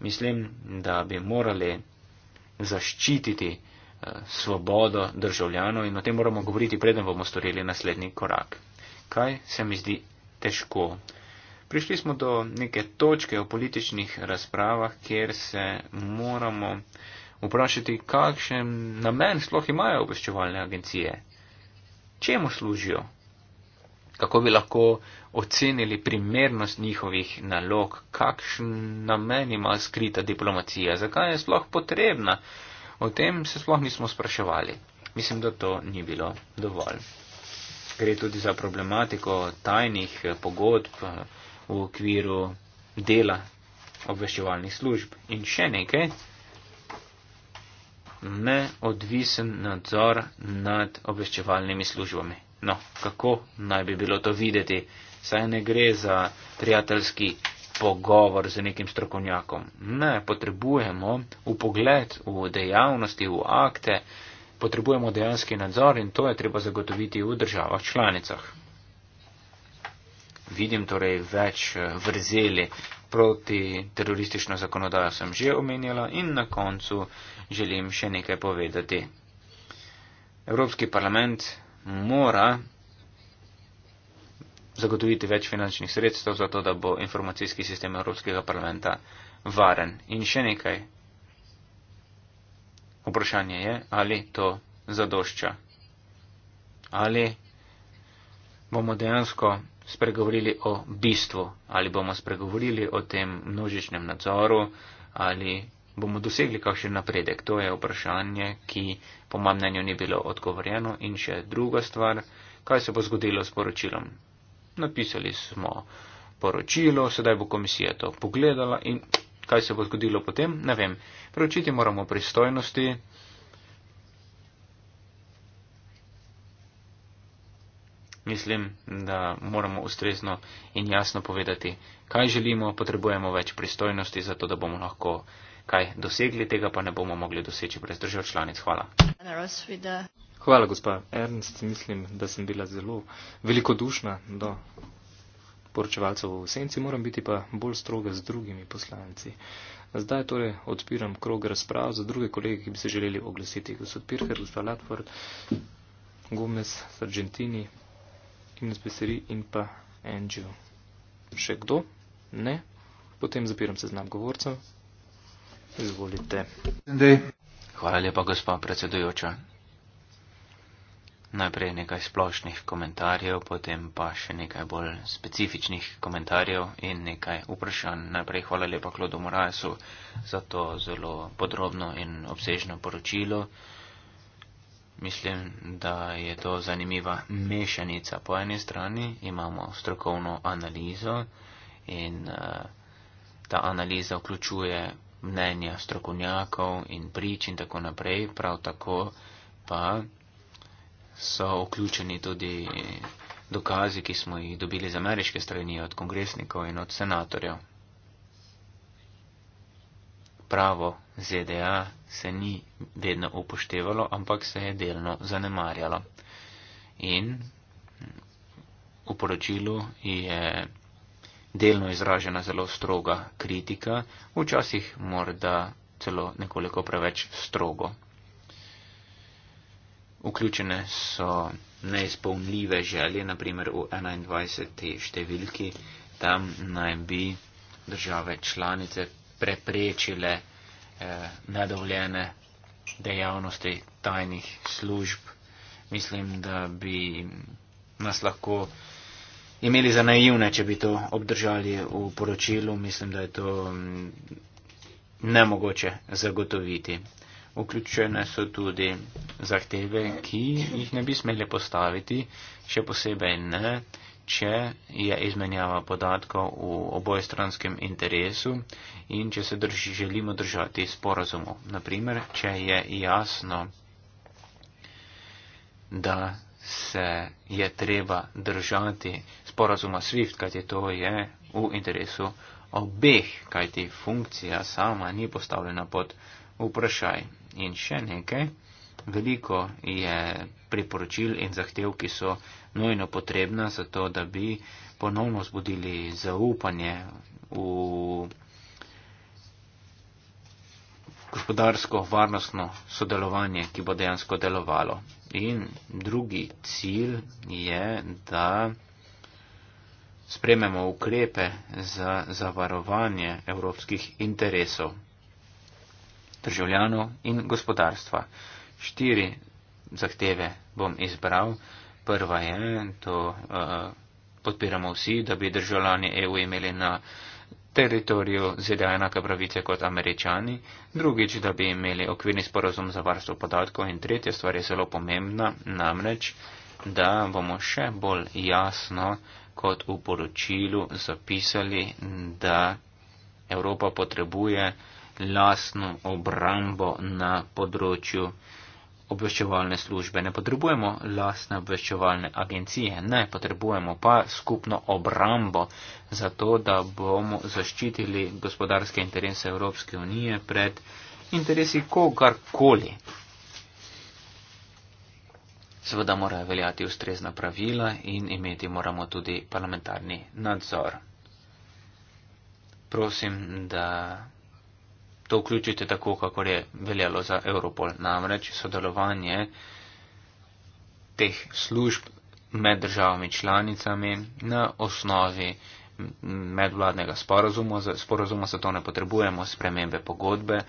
Mislim, da bi morali zaščititi svobodo državljanov in o tem moramo govoriti, preden bomo storili naslednji korak. Kaj se mi zdi težko? Prišli smo do neke točke o političnih razpravah, kjer se moramo vprašati, kakšen namen sploh imajo obveščevalne agencije. Čemu služijo? Kako bi lahko ocenili primernost njihovih nalog? Kakšen namen ima skrita diplomacija? Zakaj je sploh potrebna? Uh, O tem se sploh nismo spraševali. Mislim, da to ni bilo dovolj. Gre tudi za problematiko tajnih pogodb eh, v okviru dela obveščevalnih služb. In še nekaj, neodvisen nadzor nad obveščevalnimi službami. No, kako naj bi bilo to videti? Saj ne gre za prijateljski pogovor z nekim strokovnjakom. Ne, potrebujemo upogled v dejavnosti, v akte, potrebujemo dejanski nadzor in to je treba zagotoviti v državah članicah. Vidim torej več eh, vrzeli proti teroristično zakonodajo, sem že omenjala in na koncu želim še nekaj povedati. Evropski parlament mora zagotoviti več finančnih sredstev za to, da bo informacijski sistem Evropskega parlamenta varen. In še nekaj. Vprašanje je, ali to zadošča. Ali bomo dejansko spregovorili o bistvu, ali bomo spregovorili o tem množičnem nadzoru, ali bomo dosegli kakšen napredek. To je vprašanje, ki po mnenju ni bilo odgovorjeno. In še druga stvar, kaj se bo zgodilo s poročilom napisali smo poročilo, sedaj bo komisija to pogledala in kaj se bo zgodilo potem, ne vem. Preučiti moramo pristojnosti. Mislim, da moramo ustrezno in jasno povedati, kaj želimo, potrebujemo več pristojnosti, zato da bomo lahko kaj dosegli, tega pa ne bomo mogli doseči brez držav članic. Hvala. Hvala, gospa Ernst. Mislim, da sem bila zelo velikodušna do poročevalcev v senci, moram biti pa bolj stroga z drugimi poslanci. Zdaj torej odpiram krog razprav za druge kolege, ki bi se želeli oglasiti. Gospod Pirker, gospa Latford, Gomez, Sargentini, Kimnes Peseri in pa Andrew. Še kdo? Ne? Potem zapiram seznam govorcev. Izvolite. Hvala lepa, gospa predsedujoča. Najprej nekaj splošnih komentarjev, potem pa še nekaj bolj specifičnih komentarjev in nekaj vprašanj. Najprej hvala lepa Klodu Morajsu za to zelo podrobno in obsežno poročilo. Mislim, da je to zanimiva mešanica. Po eni strani imamo strokovno analizo in uh, ta analiza vključuje mnenja strokovnjakov in prič in tako naprej, prav tako pa so vključeni tudi dokazi, ki smo jih dobili z ameriške strani od kongresnikov in od senatorjev. Pravo ZDA se ni vedno upoštevalo, ampak se je delno zanemarjalo. In v poročilu je delno izražena zelo stroga kritika, včasih morda celo nekoliko preveč strogo. Vključene so neizpolnljive želje, naprimer v 21. številki, tam naj bi države članice preprečile eh, nedovoljene dejavnosti tajnih služb. Mislim, da bi nas lahko eh, imeli za naivne, če bi to obdržali v poročilu. Mislim, da je to mm, nemogoče zagotoviti. Vključene so tudi zahteve, ki jih ne bi smeli postaviti, še posebej ne, če je izmenjava podatkov v obojstranskem interesu in če se drži, želimo držati sporazumov. Naprimer, če je jasno, da se je treba držati sporazuma SWIFT, kajti to je v interesu obeh, kajti funkcija sama ni postavljena pod vprašaj. In še nekaj, veliko je priporočil in zahtev, ki so nujno potrebna za to, da bi ponovno zbudili zaupanje v gospodarsko varnostno sodelovanje, ki bo dejansko delovalo. In drugi cilj je, da sprememo ukrepe za zavarovanje evropskih interesov državljanov in gospodarstva. Štiri zahteve bom izbral. Prva je, to uh, podpiramo vsi, da bi državljani EU imeli na teritoriju ZDA enake pravice kot američani. Drugič, da bi imeli okvirni sporozum za varstvo podatkov. In tretja stvar je zelo pomembna, namreč, da bomo še bolj jasno kot v poročilu zapisali, da Evropa potrebuje lasno obrambo na področju obveščevalne službe. Ne potrebujemo lasne obveščevalne agencije, ne, potrebujemo pa skupno obrambo za to, da bomo zaščitili gospodarske interese Evropske unije pred interesi kogarkoli. Seveda morajo veljati ustrezna pravila in imeti moramo tudi parlamentarni nadzor. Prosim, da to vključite tako, kako je veljalo za Europol. Namreč sodelovanje teh služb med državami članicami na osnovi medvladnega sporozuma. Za sporozuma zato ne potrebujemo spremembe pogodbe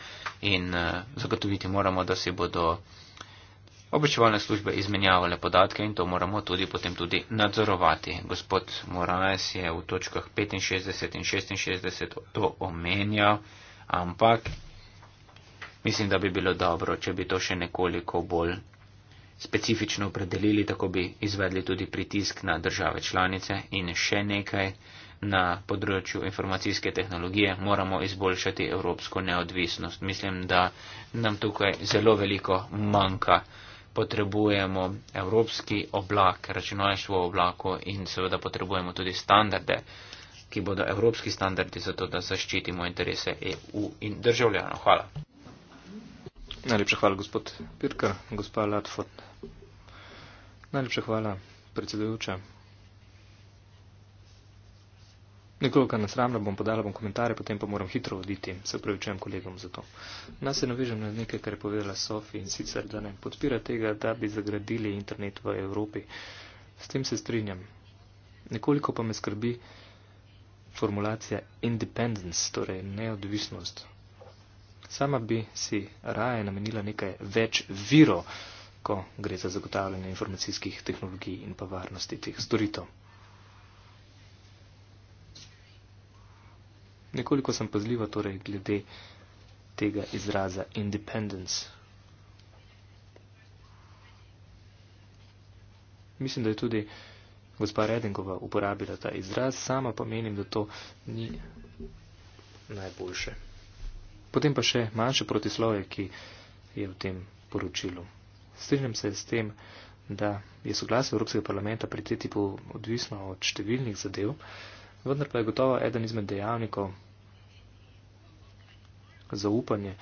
in eh, zagotoviti moramo, da si bodo. Obveščevalne službe izmenjavale podatke in to moramo tudi potem tudi nadzorovati. Gospod Moraes je v točkah 65 in 66 to omenjal, ampak mislim, da bi bilo dobro, če bi to še nekoliko bolj specifično opredelili, tako bi izvedli tudi pritisk na države članice in še nekaj na področju informacijske tehnologije moramo izboljšati evropsko neodvisnost. Mislim, da nam tukaj zelo veliko manjka potrebujemo evropski oblak, računalništvo v oblaku in seveda potrebujemo tudi standarde, ki bodo evropski standardi za to, da zaščitimo interese EU in državljanov. Hvala. Najlepša hvala, gospod Pirka, gospa Latfot. Najlepša hvala, predsedujoča. Nekoliko nasramno bom podala bom komentarje, potem pa moram hitro voditi. Se upravičujem kolegom za to. Nas se navežem na nekaj, kar je povedala Sofi in sicer, da ne podpira tega, da bi zagradili internet v Evropi. S tem se strinjam. Nekoliko pa me skrbi formulacija independence, torej neodvisnost. Sama bi si raje namenila nekaj več viro, ko gre za zagotavljanje informacijskih tehnologij in pa varnosti teh storitev. Nekoliko sem pazljiva torej glede tega izraza independence. Mislim, da je tudi gospa Redingova uporabila ta izraz, sama pa menim, da to ni najboljše. Potem pa še manjše protislove, ki je v tem poročilu. Strinjam se s tem, da je soglasje Evropskega parlamenta pri te tipu odvisno od številnih zadev, vendar pa je gotovo eden izmed dejavnikov, zaupanje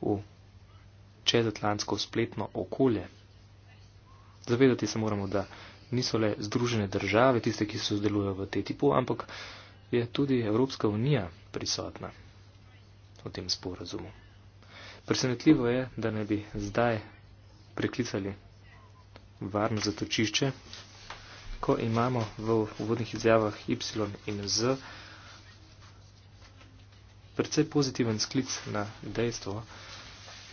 v čezatlantsko spletno okolje. Zavedati se moramo, da niso le združene države tiste, ki so sodelujo v TTIP-u, ampak je tudi Evropska unija prisotna v tem sporazumu. Presenetljivo je, da ne bi zdaj preklicali varno zatočišče, ko imamo v uvodnih izjavah Y in Z, precej pozitiven sklic na dejstvo,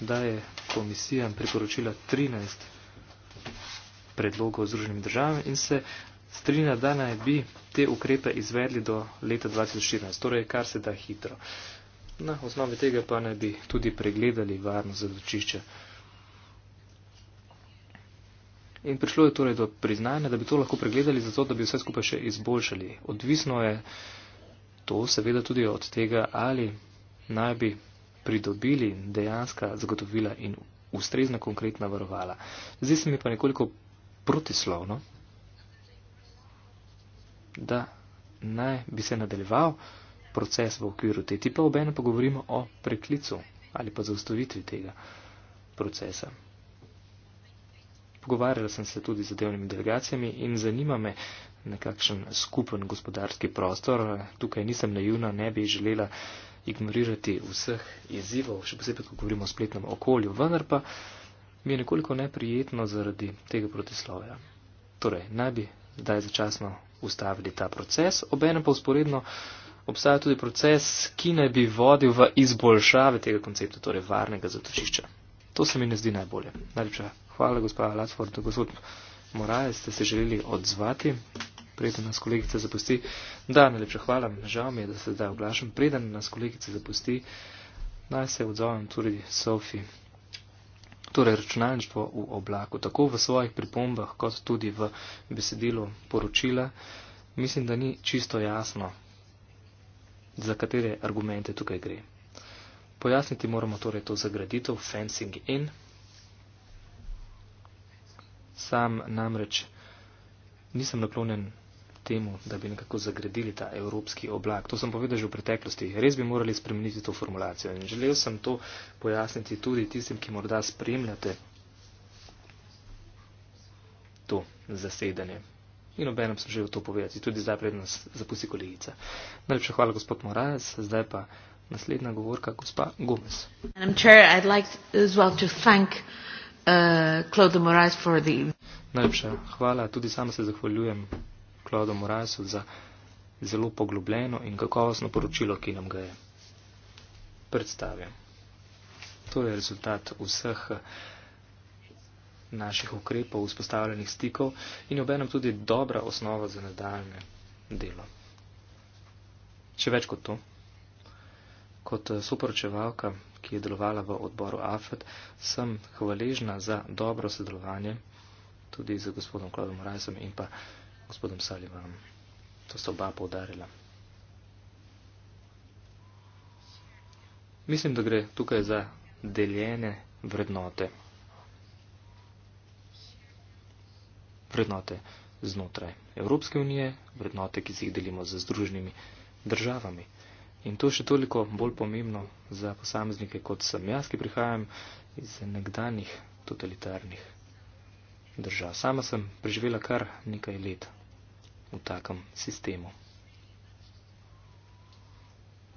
da je komisija priporočila 13 predlogov Združenim državam in se strinja, da naj bi te ukrepe izvedli do leta 2014, torej kar se da hitro. Na osnovi tega pa naj bi tudi pregledali varnost zadočišča. In prišlo je torej do priznanja, da bi to lahko pregledali, zato da bi vse skupaj še izboljšali. Odvisno je. To seveda tudi od tega, ali naj bi pridobili dejanska zagotovila in ustrezna konkretna varovala. Zdi se mi pa nekoliko protislovno, da naj bi se nadaljeval proces v okviru te tipa, obene pa govorimo o preklicu ali pa zaustavitvi tega procesa pogovarjala sem se tudi z delovnimi delegacijami in zanima me nekakšen skupen gospodarski prostor. Tukaj nisem naivna, ne bi želela ignorirati vseh izzivov, še posebej, ko govorimo o spletnem okolju, vendar pa mi je nekoliko neprijetno zaradi tega protislovja. Torej, naj bi zdaj začasno ustavili ta proces, obenem pa usporedno obstaja tudi proces, ki naj bi vodil v izboljšave tega koncepta, torej varnega zatočišča. To se mi ne zdi najbolje. Najlepša Hvala, gospod Lasford. Gospod Morales, ste se želeli odzvati. Preden nas kolegica zapusti. Da, najlepša hvala. Žal mi je, da se zdaj oglašam. Preden nas kolegica zapusti, naj se odzovem tudi Sofi. Torej, računalništvo v oblaku, tako v svojih pripombah, kot tudi v besedilu poročila, mislim, da ni čisto jasno, za katere argumente tukaj gre. Pojasniti moramo torej to zagraditev fencing in Sam namreč nisem naklonjen temu, da bi nekako zagredili ta evropski oblak. To sem povedal že v preteklosti. Res bi morali spremeniti to formulacijo. In želel sem to pojasniti tudi tistim, ki morda spremljate to zasedanje. In obenem sem želel to povedati. Tudi zdaj pred nas zapusti kolegica. Najlepša hvala, gospod Moraes. Zdaj pa naslednja govorka, gospa Gomez. And I'm chair, I'd like as well to thank Uh, Claude Moraes for the... Najlepša hvala, tudi sama se zahvaljujem Claude Moraesu za zelo poglobljeno in kakovostno poročilo, ki nam ga je predstavil. To je rezultat vseh naših ukrepov, vzpostavljenih stikov in obenem tudi dobra osnova za nadaljne delo. Še več kot to. Kot eh, soporočevalka, ki je delovala v odboru AFED, sem hvaležna za dobro sodelovanje tudi z gospodom Klodom Rajsom in pa gospodom Salivanom. To sta oba poudarila. Mislim, da gre tukaj za deljene vrednote. Vrednote znotraj Evropske unije, vrednote, ki si jih delimo z združenimi državami. In to je še toliko bolj pomembno za posameznike, kot sem jaz, ki prihajam iz nekdanjih totalitarnih držav. Sama sem preživela kar nekaj let v takem sistemu.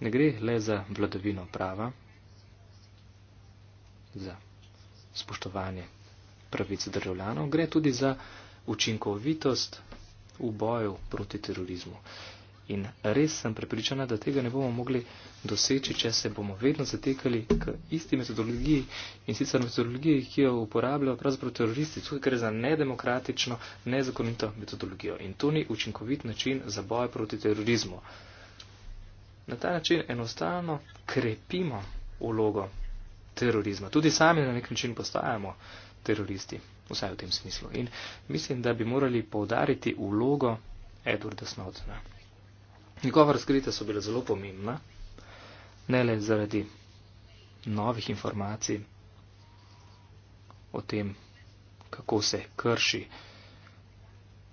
Ne gre le za vladavino prava, za spoštovanje pravic državljanov, gre tudi za učinkovitost v boju proti terorizmu. In res sem prepričana, da tega ne bomo mogli doseči, če se bomo vedno zatekali k isti metodologiji in sicer metodologiji, ki jo uporabljajo pravzaprav teroristi, tukaj gre za nedemokratično, nezakonito metodologijo. In to ni učinkovit način za boj proti terorizmu. Na ta način enostavno krepimo ulogo terorizma. Tudi sami na nek način postajamo teroristi, vsaj v tem smislu. In mislim, da bi morali povdariti ulogo Edwarda Snowdena. Njegova razkritja so bila zelo pomembna, ne le zaradi novih informacij o tem, kako se krši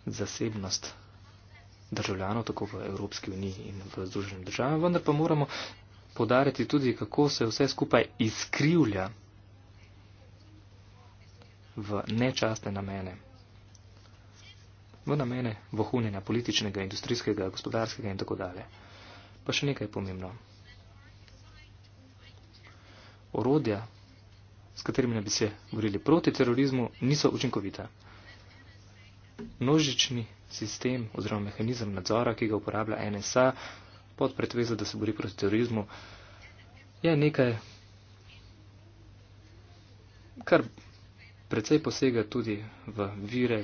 zasebnost državljanov, tako v Evropski uniji in v Združenem državam, vendar pa moramo podariti tudi, kako se vse skupaj izkrivlja v nečastne namene v namene vohunjenja političnega, industrijskega, gospodarskega in tako dalje. Pa še nekaj pomembno. Orodja, s katerimi bi se borili proti terorizmu, niso učinkovita. Nožični sistem oziroma mehanizem nadzora, ki ga uporablja NSA pod pretvezo, da se bori proti terorizmu, je nekaj, kar precej posega tudi v vire,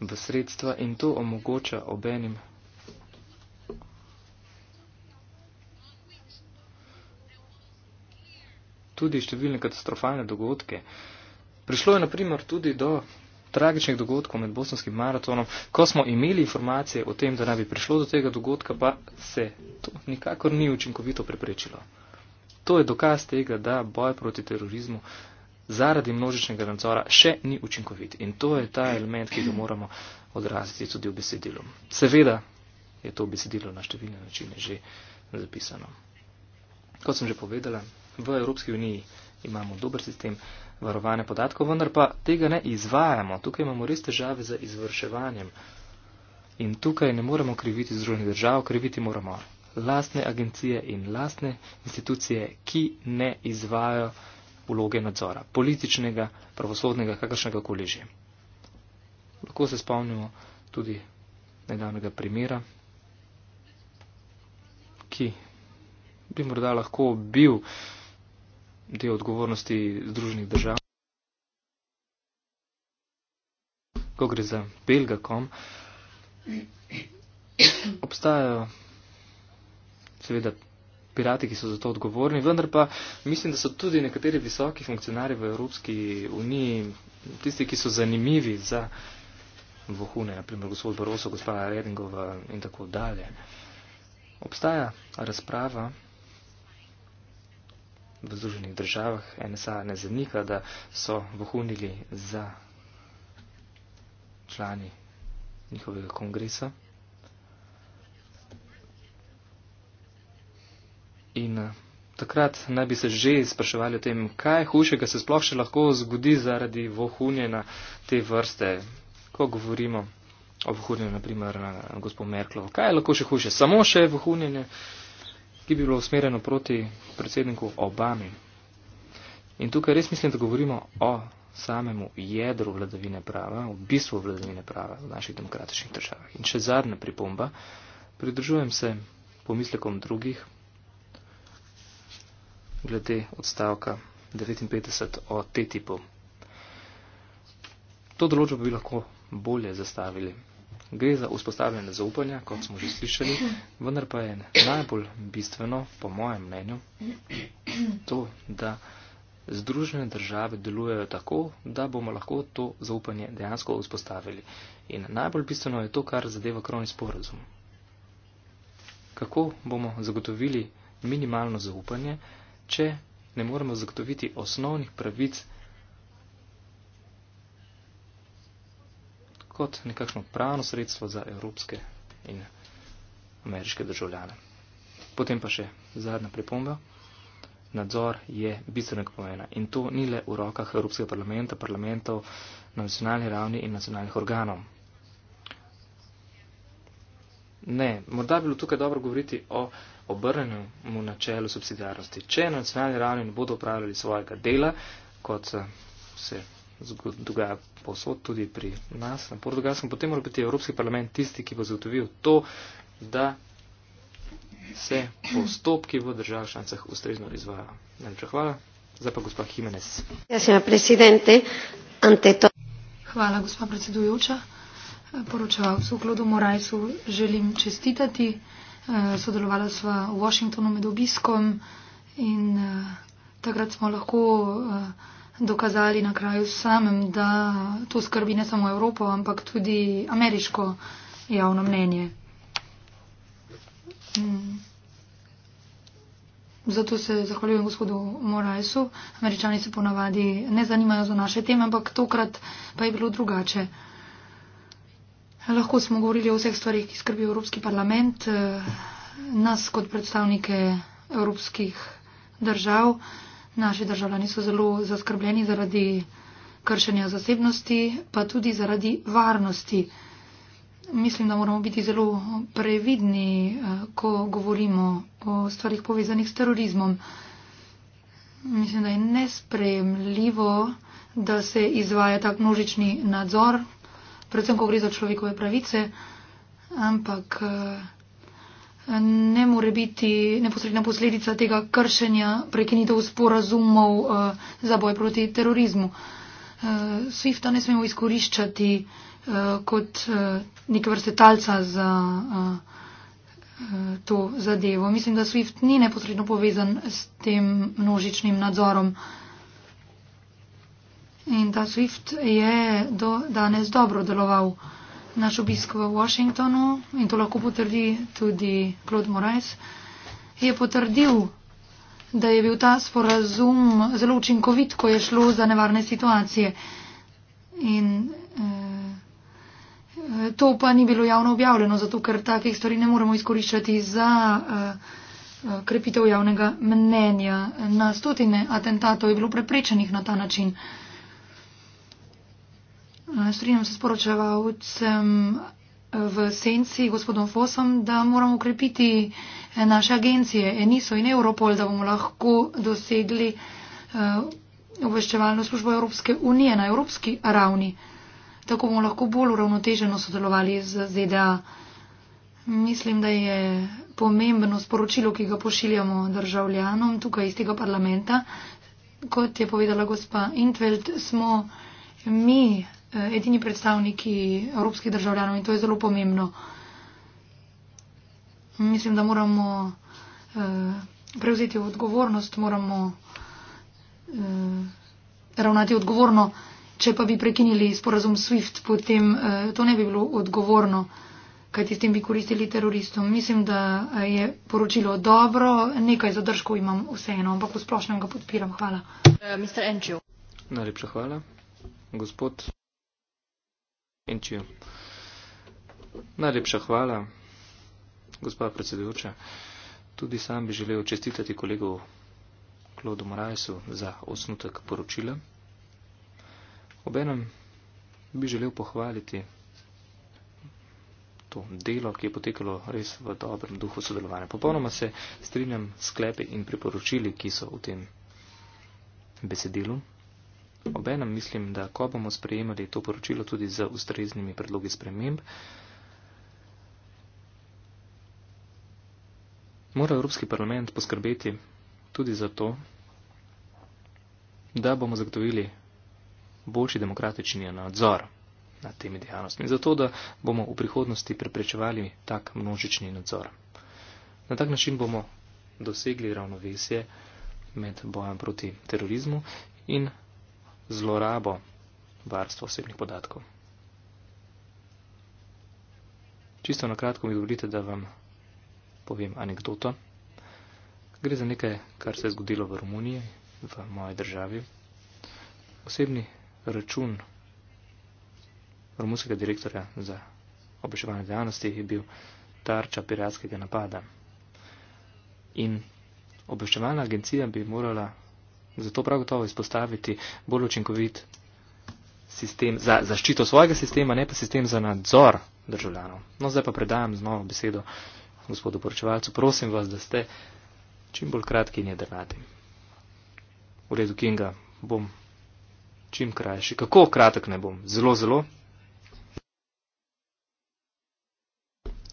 v sredstva in to omogoča obenim tudi številne katastrofalne dogodke. Prišlo je naprimer tudi do tragičnih dogodkov med bosanskim maratonom, ko smo imeli informacije o tem, da naj bi prišlo do tega dogodka, pa se to nikakor ni učinkovito preprečilo. To je dokaz tega, da boj proti terorizmu zaradi množičnega nadzora še ni učinkovit. In to je ta element, ki ga moramo odraziti tudi v besedilu. Seveda je to besedilo na številne načine že zapisano. Kot sem že povedala, v Evropski uniji imamo dober sistem varovanja podatkov, vendar pa tega ne izvajamo. Tukaj imamo res težave z izvrševanjem. In tukaj ne moremo kriviti združenih držav, kriviti moramo lastne agencije in lastne institucije, ki ne izvajo vloge nadzora, političnega, pravosodnega, kakršnega koli že. Lahko se spomnimo tudi nedavnega primera, ki bi morda lahko bil del odgovornosti Združenih držav. Ko gre za Belgakom, obstajajo seveda pirati, ki so za to odgovorni, vendar pa mislim, da so tudi nekateri visoki funkcionari v Evropski uniji, tisti, ki so zanimivi za vohune, naprimer gospod Baroso, gospoda Redingova in tako dalje. Obstaja razprava v Združenih državah, NSA ne zanika, da so vohunili za člani njihovega kongresa. In eh, takrat naj bi se že spraševali o tem, kaj hujšega se sploh še lahko zgodi zaradi vohunjena te vrste, ko govorimo o vohunjenju, naprimer, na eh, gospod Merklovo. Kaj je lahko še hujše? Samo še vohunjenje, ki bi bilo usmerjeno proti predsedniku Obami. In tukaj res mislim, da govorimo o samemu jedru vladavine prava, v bistvu vladavine prava v naših demokratičnih državah. In še zadnja pripomba, pridržujem se pomislekom drugih glede odstavka 59 o T-tipu. To določbo bi lahko bolje zastavili. Gre za vzpostavljanje zaupanja, kot smo že slišali, vendar pa je najbolj bistveno, po mojem mnenju, to, da združene države delujejo tako, da bomo lahko to zaupanje dejansko vzpostavili. In najbolj bistveno je to, kar zadeva kroni sporazum. Kako bomo zagotovili minimalno zaupanje, če ne moremo zagotoviti osnovnih pravic kot nekakšno pravno sredstvo za evropske in ameriške državljane. Potem pa še zadnja pripomba. Nadzor je bistvenega pomena in to ni le v rokah Evropskega parlamenta, parlamentov na nacionalni ravni in nacionalnih organov. Ne, morda bi bilo tukaj dobro govoriti o obrnenju mu načelu subsidijarnosti. Če na nacionalni ravni ne bodo upravljali svojega dela, kot eh, se dogaja posod tudi pri nas na Portugalskem, potem mora biti Evropski parlament tisti, ki bo zagotovil to, da se postopki v državah šancah ustrezno izvajajo. Najlepša hvala. Zdaj pa gospod Jimenez. Ja, hvala, gospod predsedujoča poročevalcu Klodu Morajcu želim čestitati. E, sodelovala sva v Washingtonu med obiskom in e, takrat smo lahko e, dokazali na kraju samem, da to skrbi ne samo Evropo, ampak tudi ameriško javno mnenje. Mm. Zato se zahvaljujem gospodu Morajsu. Američani se ponavadi ne zanimajo za naše teme, ampak tokrat pa je bilo drugače. Lahko smo govorili o vseh stvarih, ki skrbi Evropski parlament, eh, nas kot predstavnike evropskih držav. Naši državljani so zelo zaskrbljeni zaradi kršenja zasebnosti, pa tudi zaradi varnosti. Mislim, da moramo biti zelo previdni, eh, ko govorimo o stvarih povezanih s terorizmom. Mislim, da je nesprejemljivo, da se izvaja tak množični nadzor, predvsem, ko gre za človekove pravice, ampak eh, ne more biti neposredna posledica tega kršenja prekinitev sporazumov eh, za boj proti terorizmu. Eh, SWIFT-a ne smemo izkoriščati kot neke vrste talca za to zadevo. Mislim, da SWIFT ni neposredno povezan s tem množičnim nadzorom in ta Swift je do danes dobro deloval. Naš obisk v Washingtonu, in to lahko potrdi tudi Claude Moraes, je potrdil, da je bil ta sporazum zelo učinkovit, ko je šlo za nevarne situacije. In eh, to pa ni bilo javno objavljeno, zato ker takih stvari ne moremo izkoriščati za eh, eh krepitev javnega mnenja. Na stotine atentatov je bilo preprečenih na ta način. Eh, Strinjam se s poročevalcem eh, v senci gospodom Fosom, da moramo ukrepiti eh, naše agencije ENISO in Europol, da bomo lahko dosegli eh, obveščevalno službo Evropske unije na evropski ravni. Tako bomo lahko bolj uravnoteženo sodelovali z ZDA. Mislim, da je pomembno sporočilo, ki ga pošiljamo državljanom tukaj iz tega parlamenta. Kot je povedala gospa Intveld, smo mi Eh, edini predstavniki evropskih državljanov in to je zelo pomembno. Mislim, da moramo eh, prevzeti odgovornost, moramo eh, ravnati odgovorno. Če pa bi prekinili sporazum SWIFT, potem to ne bi bilo odgovorno, kajti s tem bi koristili teroristom. Mislim, da je poročilo dobro, nekaj zadržkov imam vseeno, ampak v splošnem ga podpiram. Hvala. Najlepša hvala. Gospod. Enčijo. Najlepša hvala, gospod predsedujoča. Tudi sam bi želel čestitati kolegu Klodu Morajsu za osnutek poročila. Obenem bi želel pohvaliti to delo, ki je potekalo res v dobrem duhu sodelovanja. Popolnoma se strinjam sklepe in priporočili, ki so v tem besedilu. Obenem mislim, da ko bomo sprejemali to poročilo tudi z ustreznimi predlogi sprememb, mora Evropski parlament poskrbeti tudi za to, da bomo zagotovili boljši demokratični nadzor nad temi dejavnostmi, zato da bomo v prihodnosti preprečevali tak množični nadzor. Na tak način bomo dosegli ravnovesje med bojem proti terorizmu in zlorabo varstva osebnih podatkov. Čisto na kratko mi dovolite, da vam povem anekdoto. Gre za nekaj, kar se je zgodilo v Romuniji, v moji državi. Osebni račun romunskega direktorja za obveševanje dejavnosti je bil tarča piratskega napada. In obveščevalna agencija bi morala Zato prav gotovo izpostaviti bolj učinkovit sistem za zaščito svojega sistema, ne pa sistem za nadzor državljanov. No, zdaj pa predajam znovu besedo gospodu poročevalcu. Prosim vas, da ste čim bolj kratki in jedrnati. V redu Kinga bom čim krajši. Kako kratek ne bom? Zelo, zelo.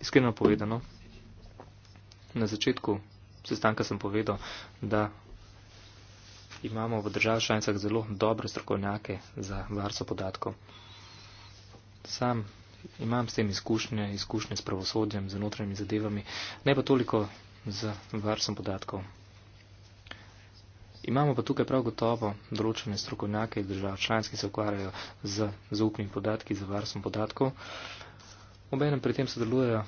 Iskreno povedano, na začetku sestanka sem povedal, da imamo v državah članicah zelo dobre strokovnjake za varstvo podatkov. Sam imam s tem izkušnje, izkušnje s pravosodjem, z notranjimi zadevami, ne pa toliko z varstvom podatkov. Imamo pa tukaj prav gotovo določene strokovnjake iz držav članic, ki se ukvarjajo z zaupnimi podatki, z varstvom podatkov. Obenem pri tem sodelujejo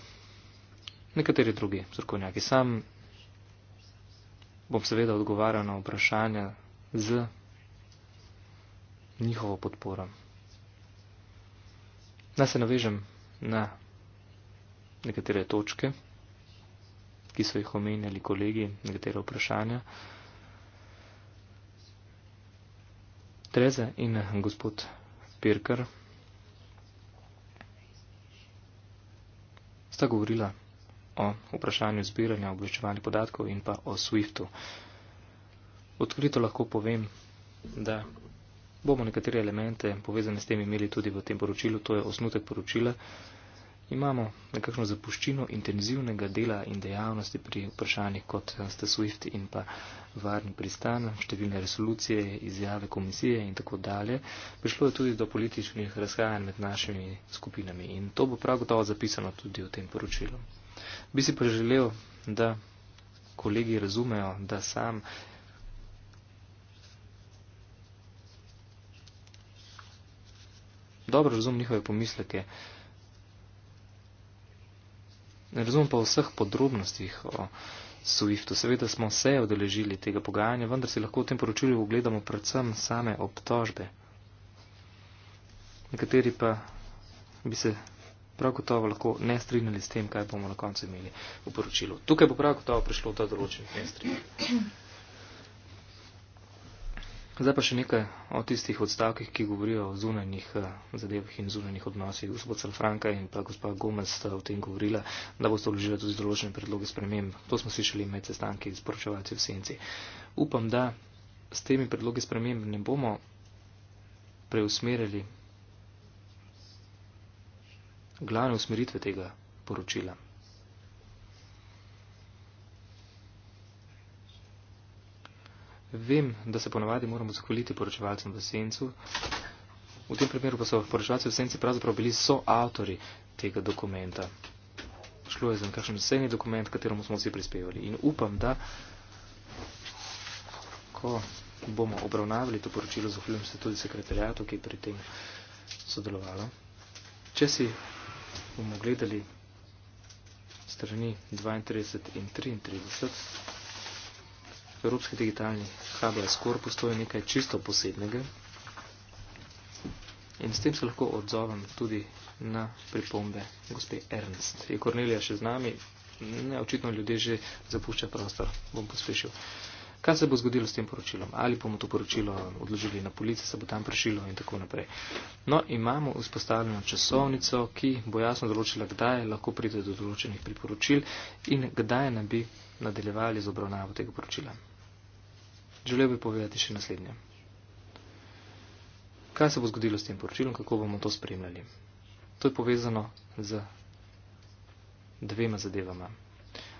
nekateri drugi strokovnjaki. Sam bom seveda odgovarjal na vprašanja z njihovo podporo. Naj se navežem na nekatere točke, ki so jih omenjali kolegi, nekatere vprašanja. Treze in gospod Pirkar sta govorila o vprašanju zbiranja obveščevalnih podatkov in pa o SWIFT-u. Odkrito lahko povem, da bomo nekatere elemente povezane s tem imeli tudi v tem poročilu, to je osnutek poročila. Imamo nekakšno zapuščino intenzivnega dela in dejavnosti pri vprašanjih kot sta SWIFT in pa varni pristan, številne resolucije, izjave komisije in tako dalje. Prišlo je tudi do političnih razhajanj med našimi skupinami in to bo prav gotovo zapisano tudi v tem poročilu. Bi si pa želel, da kolegi razumejo, da sam dobro razum njihove pomisleke. Ne razumem pa vseh podrobnostih o Swiftu. Seveda smo se odeležili tega pogajanja, vendar si lahko v tem poročilju ogledamo predvsem same obtožbe. Nekateri pa bi se prav gotovo lahko ne strinjali s tem, kaj bomo na koncu imeli v poročilu. Tukaj bo prav gotovo prišlo do določenih nestrinj. Zdaj pa še nekaj o tistih odstavkih, ki govorijo o zunanjih eh, zadevah in zunanjih odnosih. Gospod Salfranka in pa gospod Gomez sta o tem govorila, da boste vložili tudi določene predloge sprememb. To smo slišali med sestanki z poročevalci v senci. Upam, da s temi predloge sprememb ne bomo preusmerili glavne usmeritve tega poročila. Vem, da se ponavadi moramo zahvaliti poročevalcem v sencu. V tem primeru pa so poročevalci v senci pravzaprav bili soavtori tega dokumenta. Šlo je za nekakšen sceni dokument, kateremu smo vsi prispevali. In upam, da ko bomo obravnavali to poročilo, zahvaljujem se tudi sekretarjatu, ki je pri tem sodelovalo. Če si bomo gledali strani 32 in 33. Evropski digitalni HBS korpus, to je nekaj čisto posebnega. In s tem se lahko odzovem tudi na pripombe gospe Ernst. Je Kornelija še z nami? Ne, očitno ljudje že zapušča prostor. Bom posvešil. Uh, kaj se bo zgodilo s tem poročilom, ali bomo to poročilo odložili na police, se bo tam prešilo in tako naprej. No, imamo vzpostavljeno časovnico, ki bo jasno določila, kdaj lahko pride do določenih priporočil in kdaj ne bi nadaljevali z obravnavo tega poročila. Želel bi povedati še naslednje. Kaj se bo zgodilo s tem poročilom, kako bomo to spremljali? To je povezano z dvema zadevama.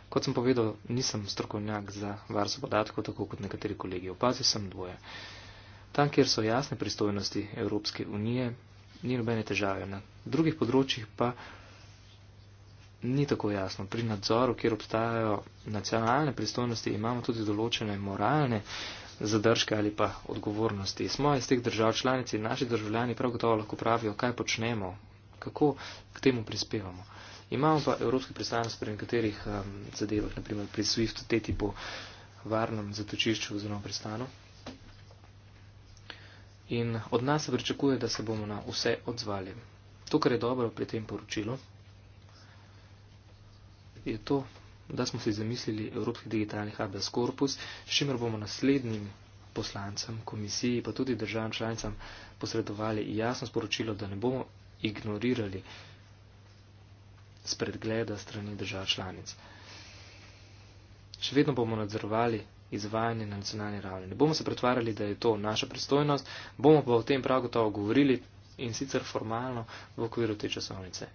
Kot sem povedal, nisem strokovnjak za varstvo podatkov, tako kot nekateri kolegi. Opazil sem dvoje. Tam, kjer so jasne pristojnosti Evropske unije, ni nobene težave. Na drugih področjih pa ni tako jasno. Pri nadzoru, kjer obstajajo nacionalne pristojnosti, imamo tudi določene moralne zadržke ali pa odgovornosti. Smo iz teh držav članici, naši državljani prav gotovo lahko pravijo, kaj počnemo, kako k temu prispevamo. Imamo pa evropski pristanost pri nekaterih um, zadevah, naprimer pri SWIFT, teti po varnem zatočišču oziroma pristanu. In od nas se pričakuje, da se bomo na vse odzvali. To, kar je dobro pri tem poročilu, je to, da smo si zamislili Evropski digitalni habeas corpus, s čimer bomo naslednjim poslancem, komisiji pa tudi državam članicam posredovali jasno sporočilo, da ne bomo ignorirali spredgleda strani držav članic. Še vedno bomo nadzorovali izvajanje na nacionalni ravni. Ne bomo se pretvarjali, da je to naša pristojnost, bomo pa o tem prav gotovo govorili in sicer formalno v okviru te časovnice.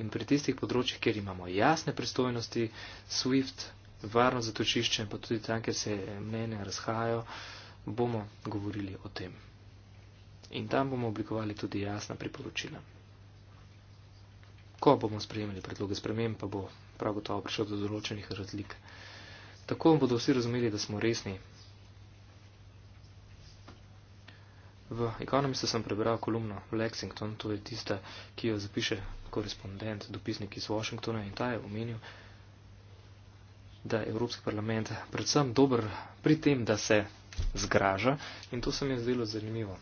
In pri tistih področjih, kjer imamo jasne pristojnosti, SWIFT, varno zatočišče, pa tudi tam, kjer se mnenja razhajajo, bomo govorili o tem. In tam bomo oblikovali tudi jasna priporočila ko bomo sprejemali predloge spremem, pa bo prav gotovo prišel do določenih razlik. Tako bodo vsi razumeli, da smo resni. V ekonomistu sem prebral kolumno Lexington, to je tista, ki jo zapiše korespondent, dopisnik iz Washingtona in ta je omenil, da je Evropski parlament predvsem dober pri tem, da se zgraža in to se mi je zdelo zanimivo.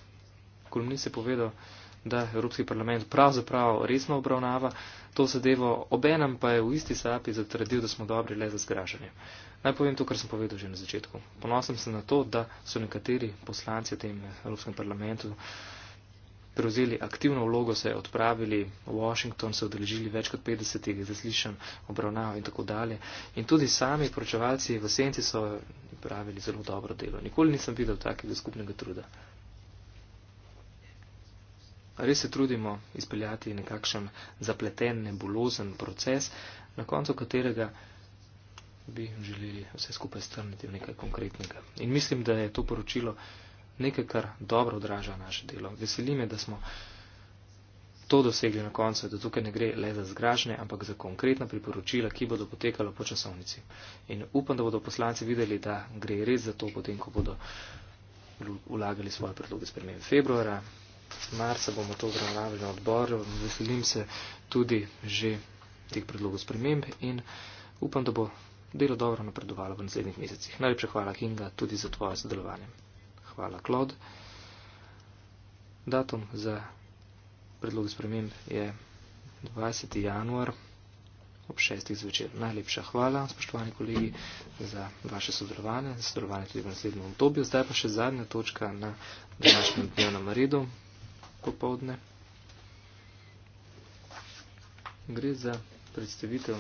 Kolumnist je povedal, da Evropski parlament pravzaprav resno obravnava to zadevo, obenem pa je v isti sapi zatrdil, da smo dobri le za zgražanje. Naj povem to, kar sem povedal že na začetku. Ponosim se na to, da so nekateri poslanci v tem Evropskem parlamentu prevzeli aktivno vlogo, se odpravili v Washington, se odeležili več kot 50 zaslišanj, obravnav in tako dalje. In tudi sami poročevalci v senci so pravili zelo dobro delo. Nikoli nisem videl takega skupnega truda. Res se trudimo izpeljati nekakšen zapleten, nebulozen proces, na koncu katerega bi želeli vse skupaj strniti v nekaj konkretnega. In mislim, da je to poročilo nekaj, kar dobro odraža naše delo. Veseli me, da smo to dosegli na koncu, da tukaj ne gre le za zgražne, ampak za konkretna priporočila, ki bodo potekala po časovnici. In upam, da bodo poslanci videli, da gre res za to, potem, ko bodo vlagali svoje predloge spremembe februara marca bomo to obravnavali na odboru, veselim se tudi že teh predlogov sprememb in upam, da bo delo dobro napredovalo v naslednjih mesecih. Najlepša hvala, Kinga, tudi za tvoje sodelovanje. Hvala, Klod. Datum za predlog sprememb je 20. januar ob 6. zvečer. Najlepša hvala, spoštovani kolegi, za vaše sodelovanje, za sodelovanje tudi v naslednjem obdobju. Zdaj pa še zadnja točka na današnjem dnevnem redu, popovdne. Gre za predstavitev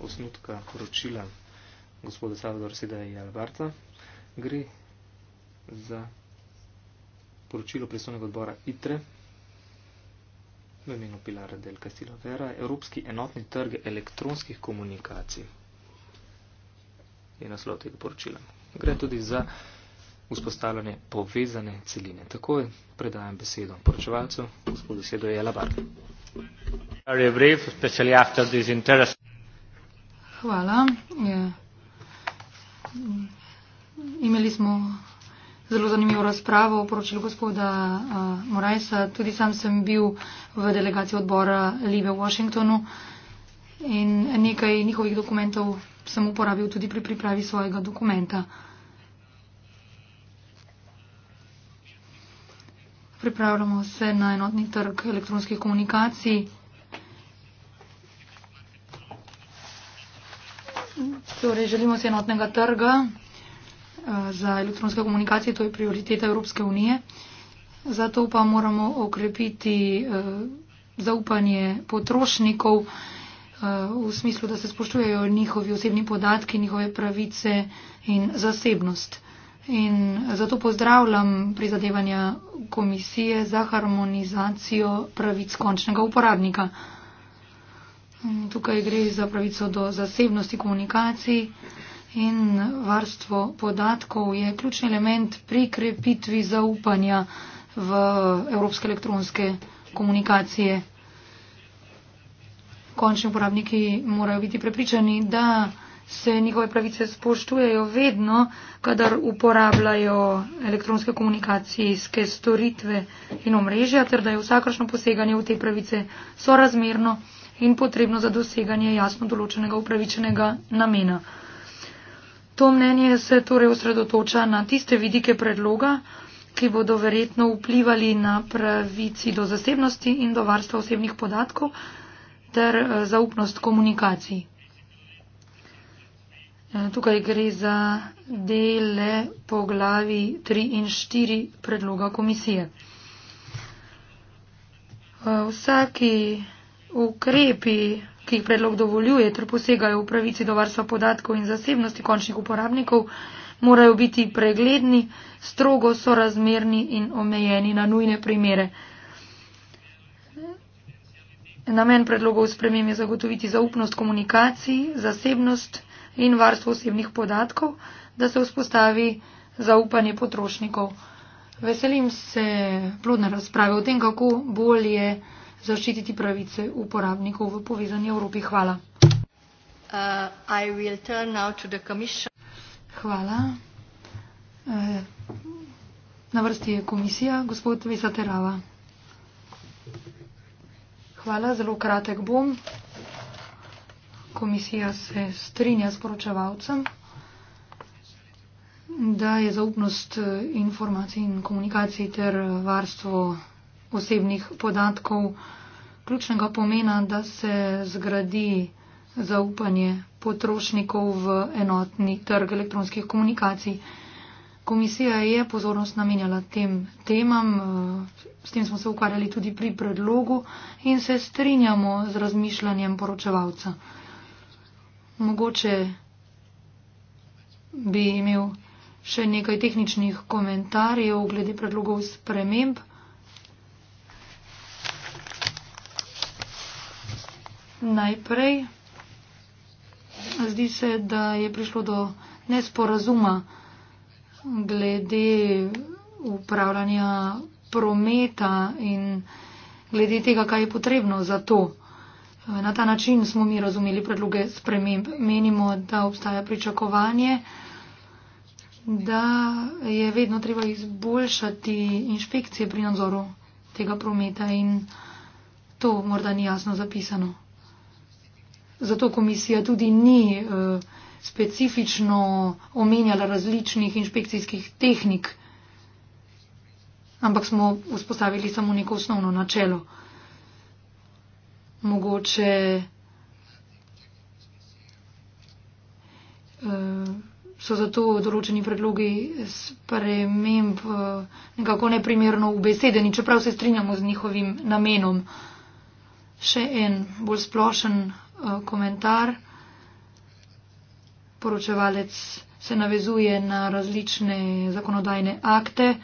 osnutka poročila gospoda Salvador Sedaja i Albarta. Gre za poročilo predstavnega odbora ITRE v imenu Pilara del Castillo Vera, Evropski enotni trg elektronskih komunikacij. Je naslov tega poročila. Gre tudi za vzpostavljanje povezane celine. Tako predajam besedo poročevalcu, gospod besedo je Labar. Hvala. Je. Ja. Imeli smo zelo zanimivo razpravo o poročilu gospoda uh, Morajsa. Tudi sam sem bil v delegaciji odbora Live v Washingtonu in nekaj njihovih dokumentov sem uporabil tudi pri pripravi svojega dokumenta. Uh, pripravljamo se na enotni trg elektronskih komunikacij. Torej, želimo se enotnega trga eh, za elektronske komunikacije, to je prioriteta Evropske unije. Zato pa moramo okrepiti eh, zaupanje potrošnikov eh, v smislu, da se spoštujejo njihovi osebni podatki, njihove pravice in zasebnost. In zato pozdravljam prizadevanja komisije za harmonizacijo pravic končnega uporabnika. Mm, tukaj gre za pravico do zasebnosti komunikacij in varstvo podatkov je ključni element pri krepitvi zaupanja v evropske elektronske komunikacije. Končni uporabniki morajo biti prepričani, da se njihove pravice spoštujejo vedno, kadar uporabljajo elektronske komunikacijske storitve in omrežja, ter da je vsakršno poseganje v te pravice sorazmerno in potrebno za doseganje jasno določenega upravičenega namena. To mnenje se torej osredotoča na tiste vidike predloga, ki bodo verjetno vplivali na pravici do zasebnosti in do varstva osebnih podatkov ter eh, zaupnost komunikacij. Eh, tukaj gre za dele po glavi 3 in 4 predloga komisije. Eh, vsaki ukrepi, ki jih predlog dovoljuje, ter posegajo v pravici do varstva podatkov in zasebnosti končnih uporabnikov, morajo biti pregledni, strogo sorazmerni in omejeni na nujne primere. Namen predlogov spremem je zagotoviti zaupnost komunikaciji, zasebnost, in varstvo osebnih podatkov, da se vzpostavi zaupanje potrošnikov. Veselim se plodne razprave o tem, kako bolje zaščititi pravice uporabnikov v povezani Evropi. Hvala. Uh, Hvala. Uh, na vrsti je komisija, gospod Visaterava. Hvala, zelo kratek bom. Komisija se strinja s poročevalcem, da je zaupnost informacij in komunikacij ter varstvo osebnih podatkov ključnega pomena, da se zgradi zaupanje potrošnikov v enotni trg elektronskih komunikacij. Komisija je pozornost namenjala tem temam, eh, s tem smo se ukvarjali tudi pri predlogu in se strinjamo z razmišljanjem poročevalca mogoče bi imel še nekaj tehničnih komentarjev glede predlogov sprememb. Najprej. Zdi se, da je prišlo do nesporazuma glede upravljanja prometa in glede tega, kaj je potrebno za to. Na ta način smo mi razumeli predloge sprememb. Menimo, da obstaja pričakovanje, da je vedno treba izboljšati inšpekcije pri nadzoru tega prometa in to morda ni jasno zapisano. Zato komisija tudi ni eh, specifično omenjala različnih inšpekcijskih tehnik, ampak smo vzpostavili samo neko osnovno načelo mogoče eh, so zato določeni predlogi sprememb eh, nekako neprimerno ubesedeni, čeprav se strinjamo z njihovim namenom. Še en bolj splošen eh, komentar. Poročevalec se navezuje na različne zakonodajne akte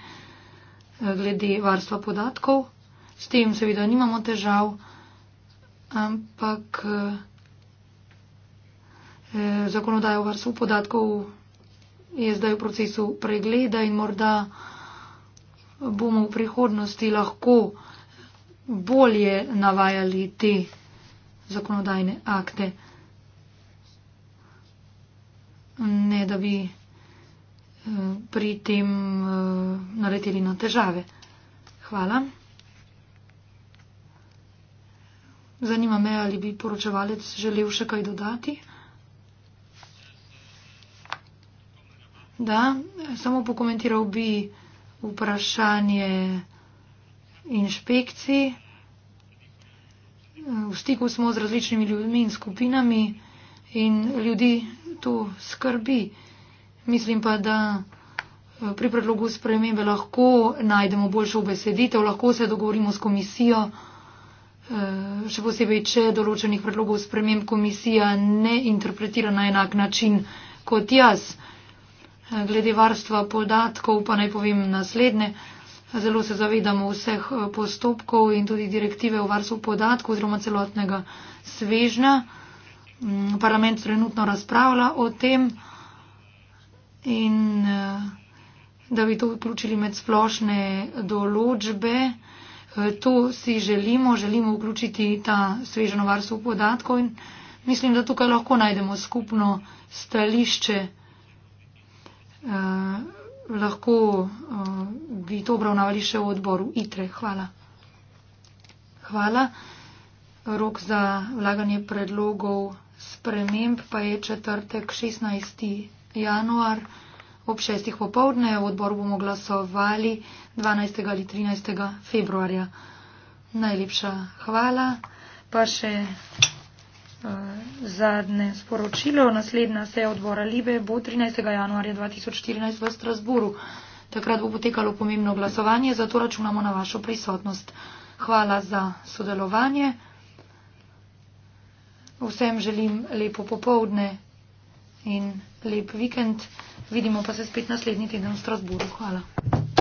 glede varstva podatkov. S tem seveda nimamo težav ampak eh, eh zakonodajo varstvo podatkov je zdaj v procesu pregleda in morda bomo v prihodnosti lahko bolje navajali te zakonodajne akte, ne da bi eh, pri tem eh, naleteli na težave. Hvala. Zanima me, ali bi poročevalec želel še kaj dodati. Da, samo pokomentiral bi vprašanje inšpekcij. V stiku smo z različnimi ljudmi in skupinami in ljudi to skrbi. Mislim pa, da eh, pri predlogu spremembe lahko najdemo boljšo besedite, lahko se dogovorimo s komisijo. Eh, še posebej, če določenih predlogov sprememb komisija ne interpretira na enak način kot jaz. Eh, glede varstva podatkov pa naj povem naslednje. Zelo se zavedamo vseh eh, postopkov in tudi direktive o varstvu podatkov oziroma celotnega svežna. Mm, parlament trenutno razpravlja o tem in da bi to vključili med splošne določbe. Eh, to si želimo, želimo vključiti ta sveženo varstvo podatkov in mislim, da tukaj lahko najdemo skupno stališče. Eh, lahko eh, bi to obravnavali še v odboru ITRE. Hvala. Hvala. Rok za vlaganje predlogov sprememb pa je četrtek 16. januar 2020 ob šestih popovdne, v odboru bomo glasovali 12. ali 13. februarja. Najlepša hvala. Pa še uh, zadnje sporočilo. Naslednja seja odbora Libe bo 13. januarja 2014 v Strasburu. Takrat bo potekalo pomembno glasovanje, zato računamo na vašo prisotnost. Hvala za sodelovanje. Vsem želim lepo popovdne in lep vikend, vidimo pa se spet naslednji teden v Strasburu. Hvala.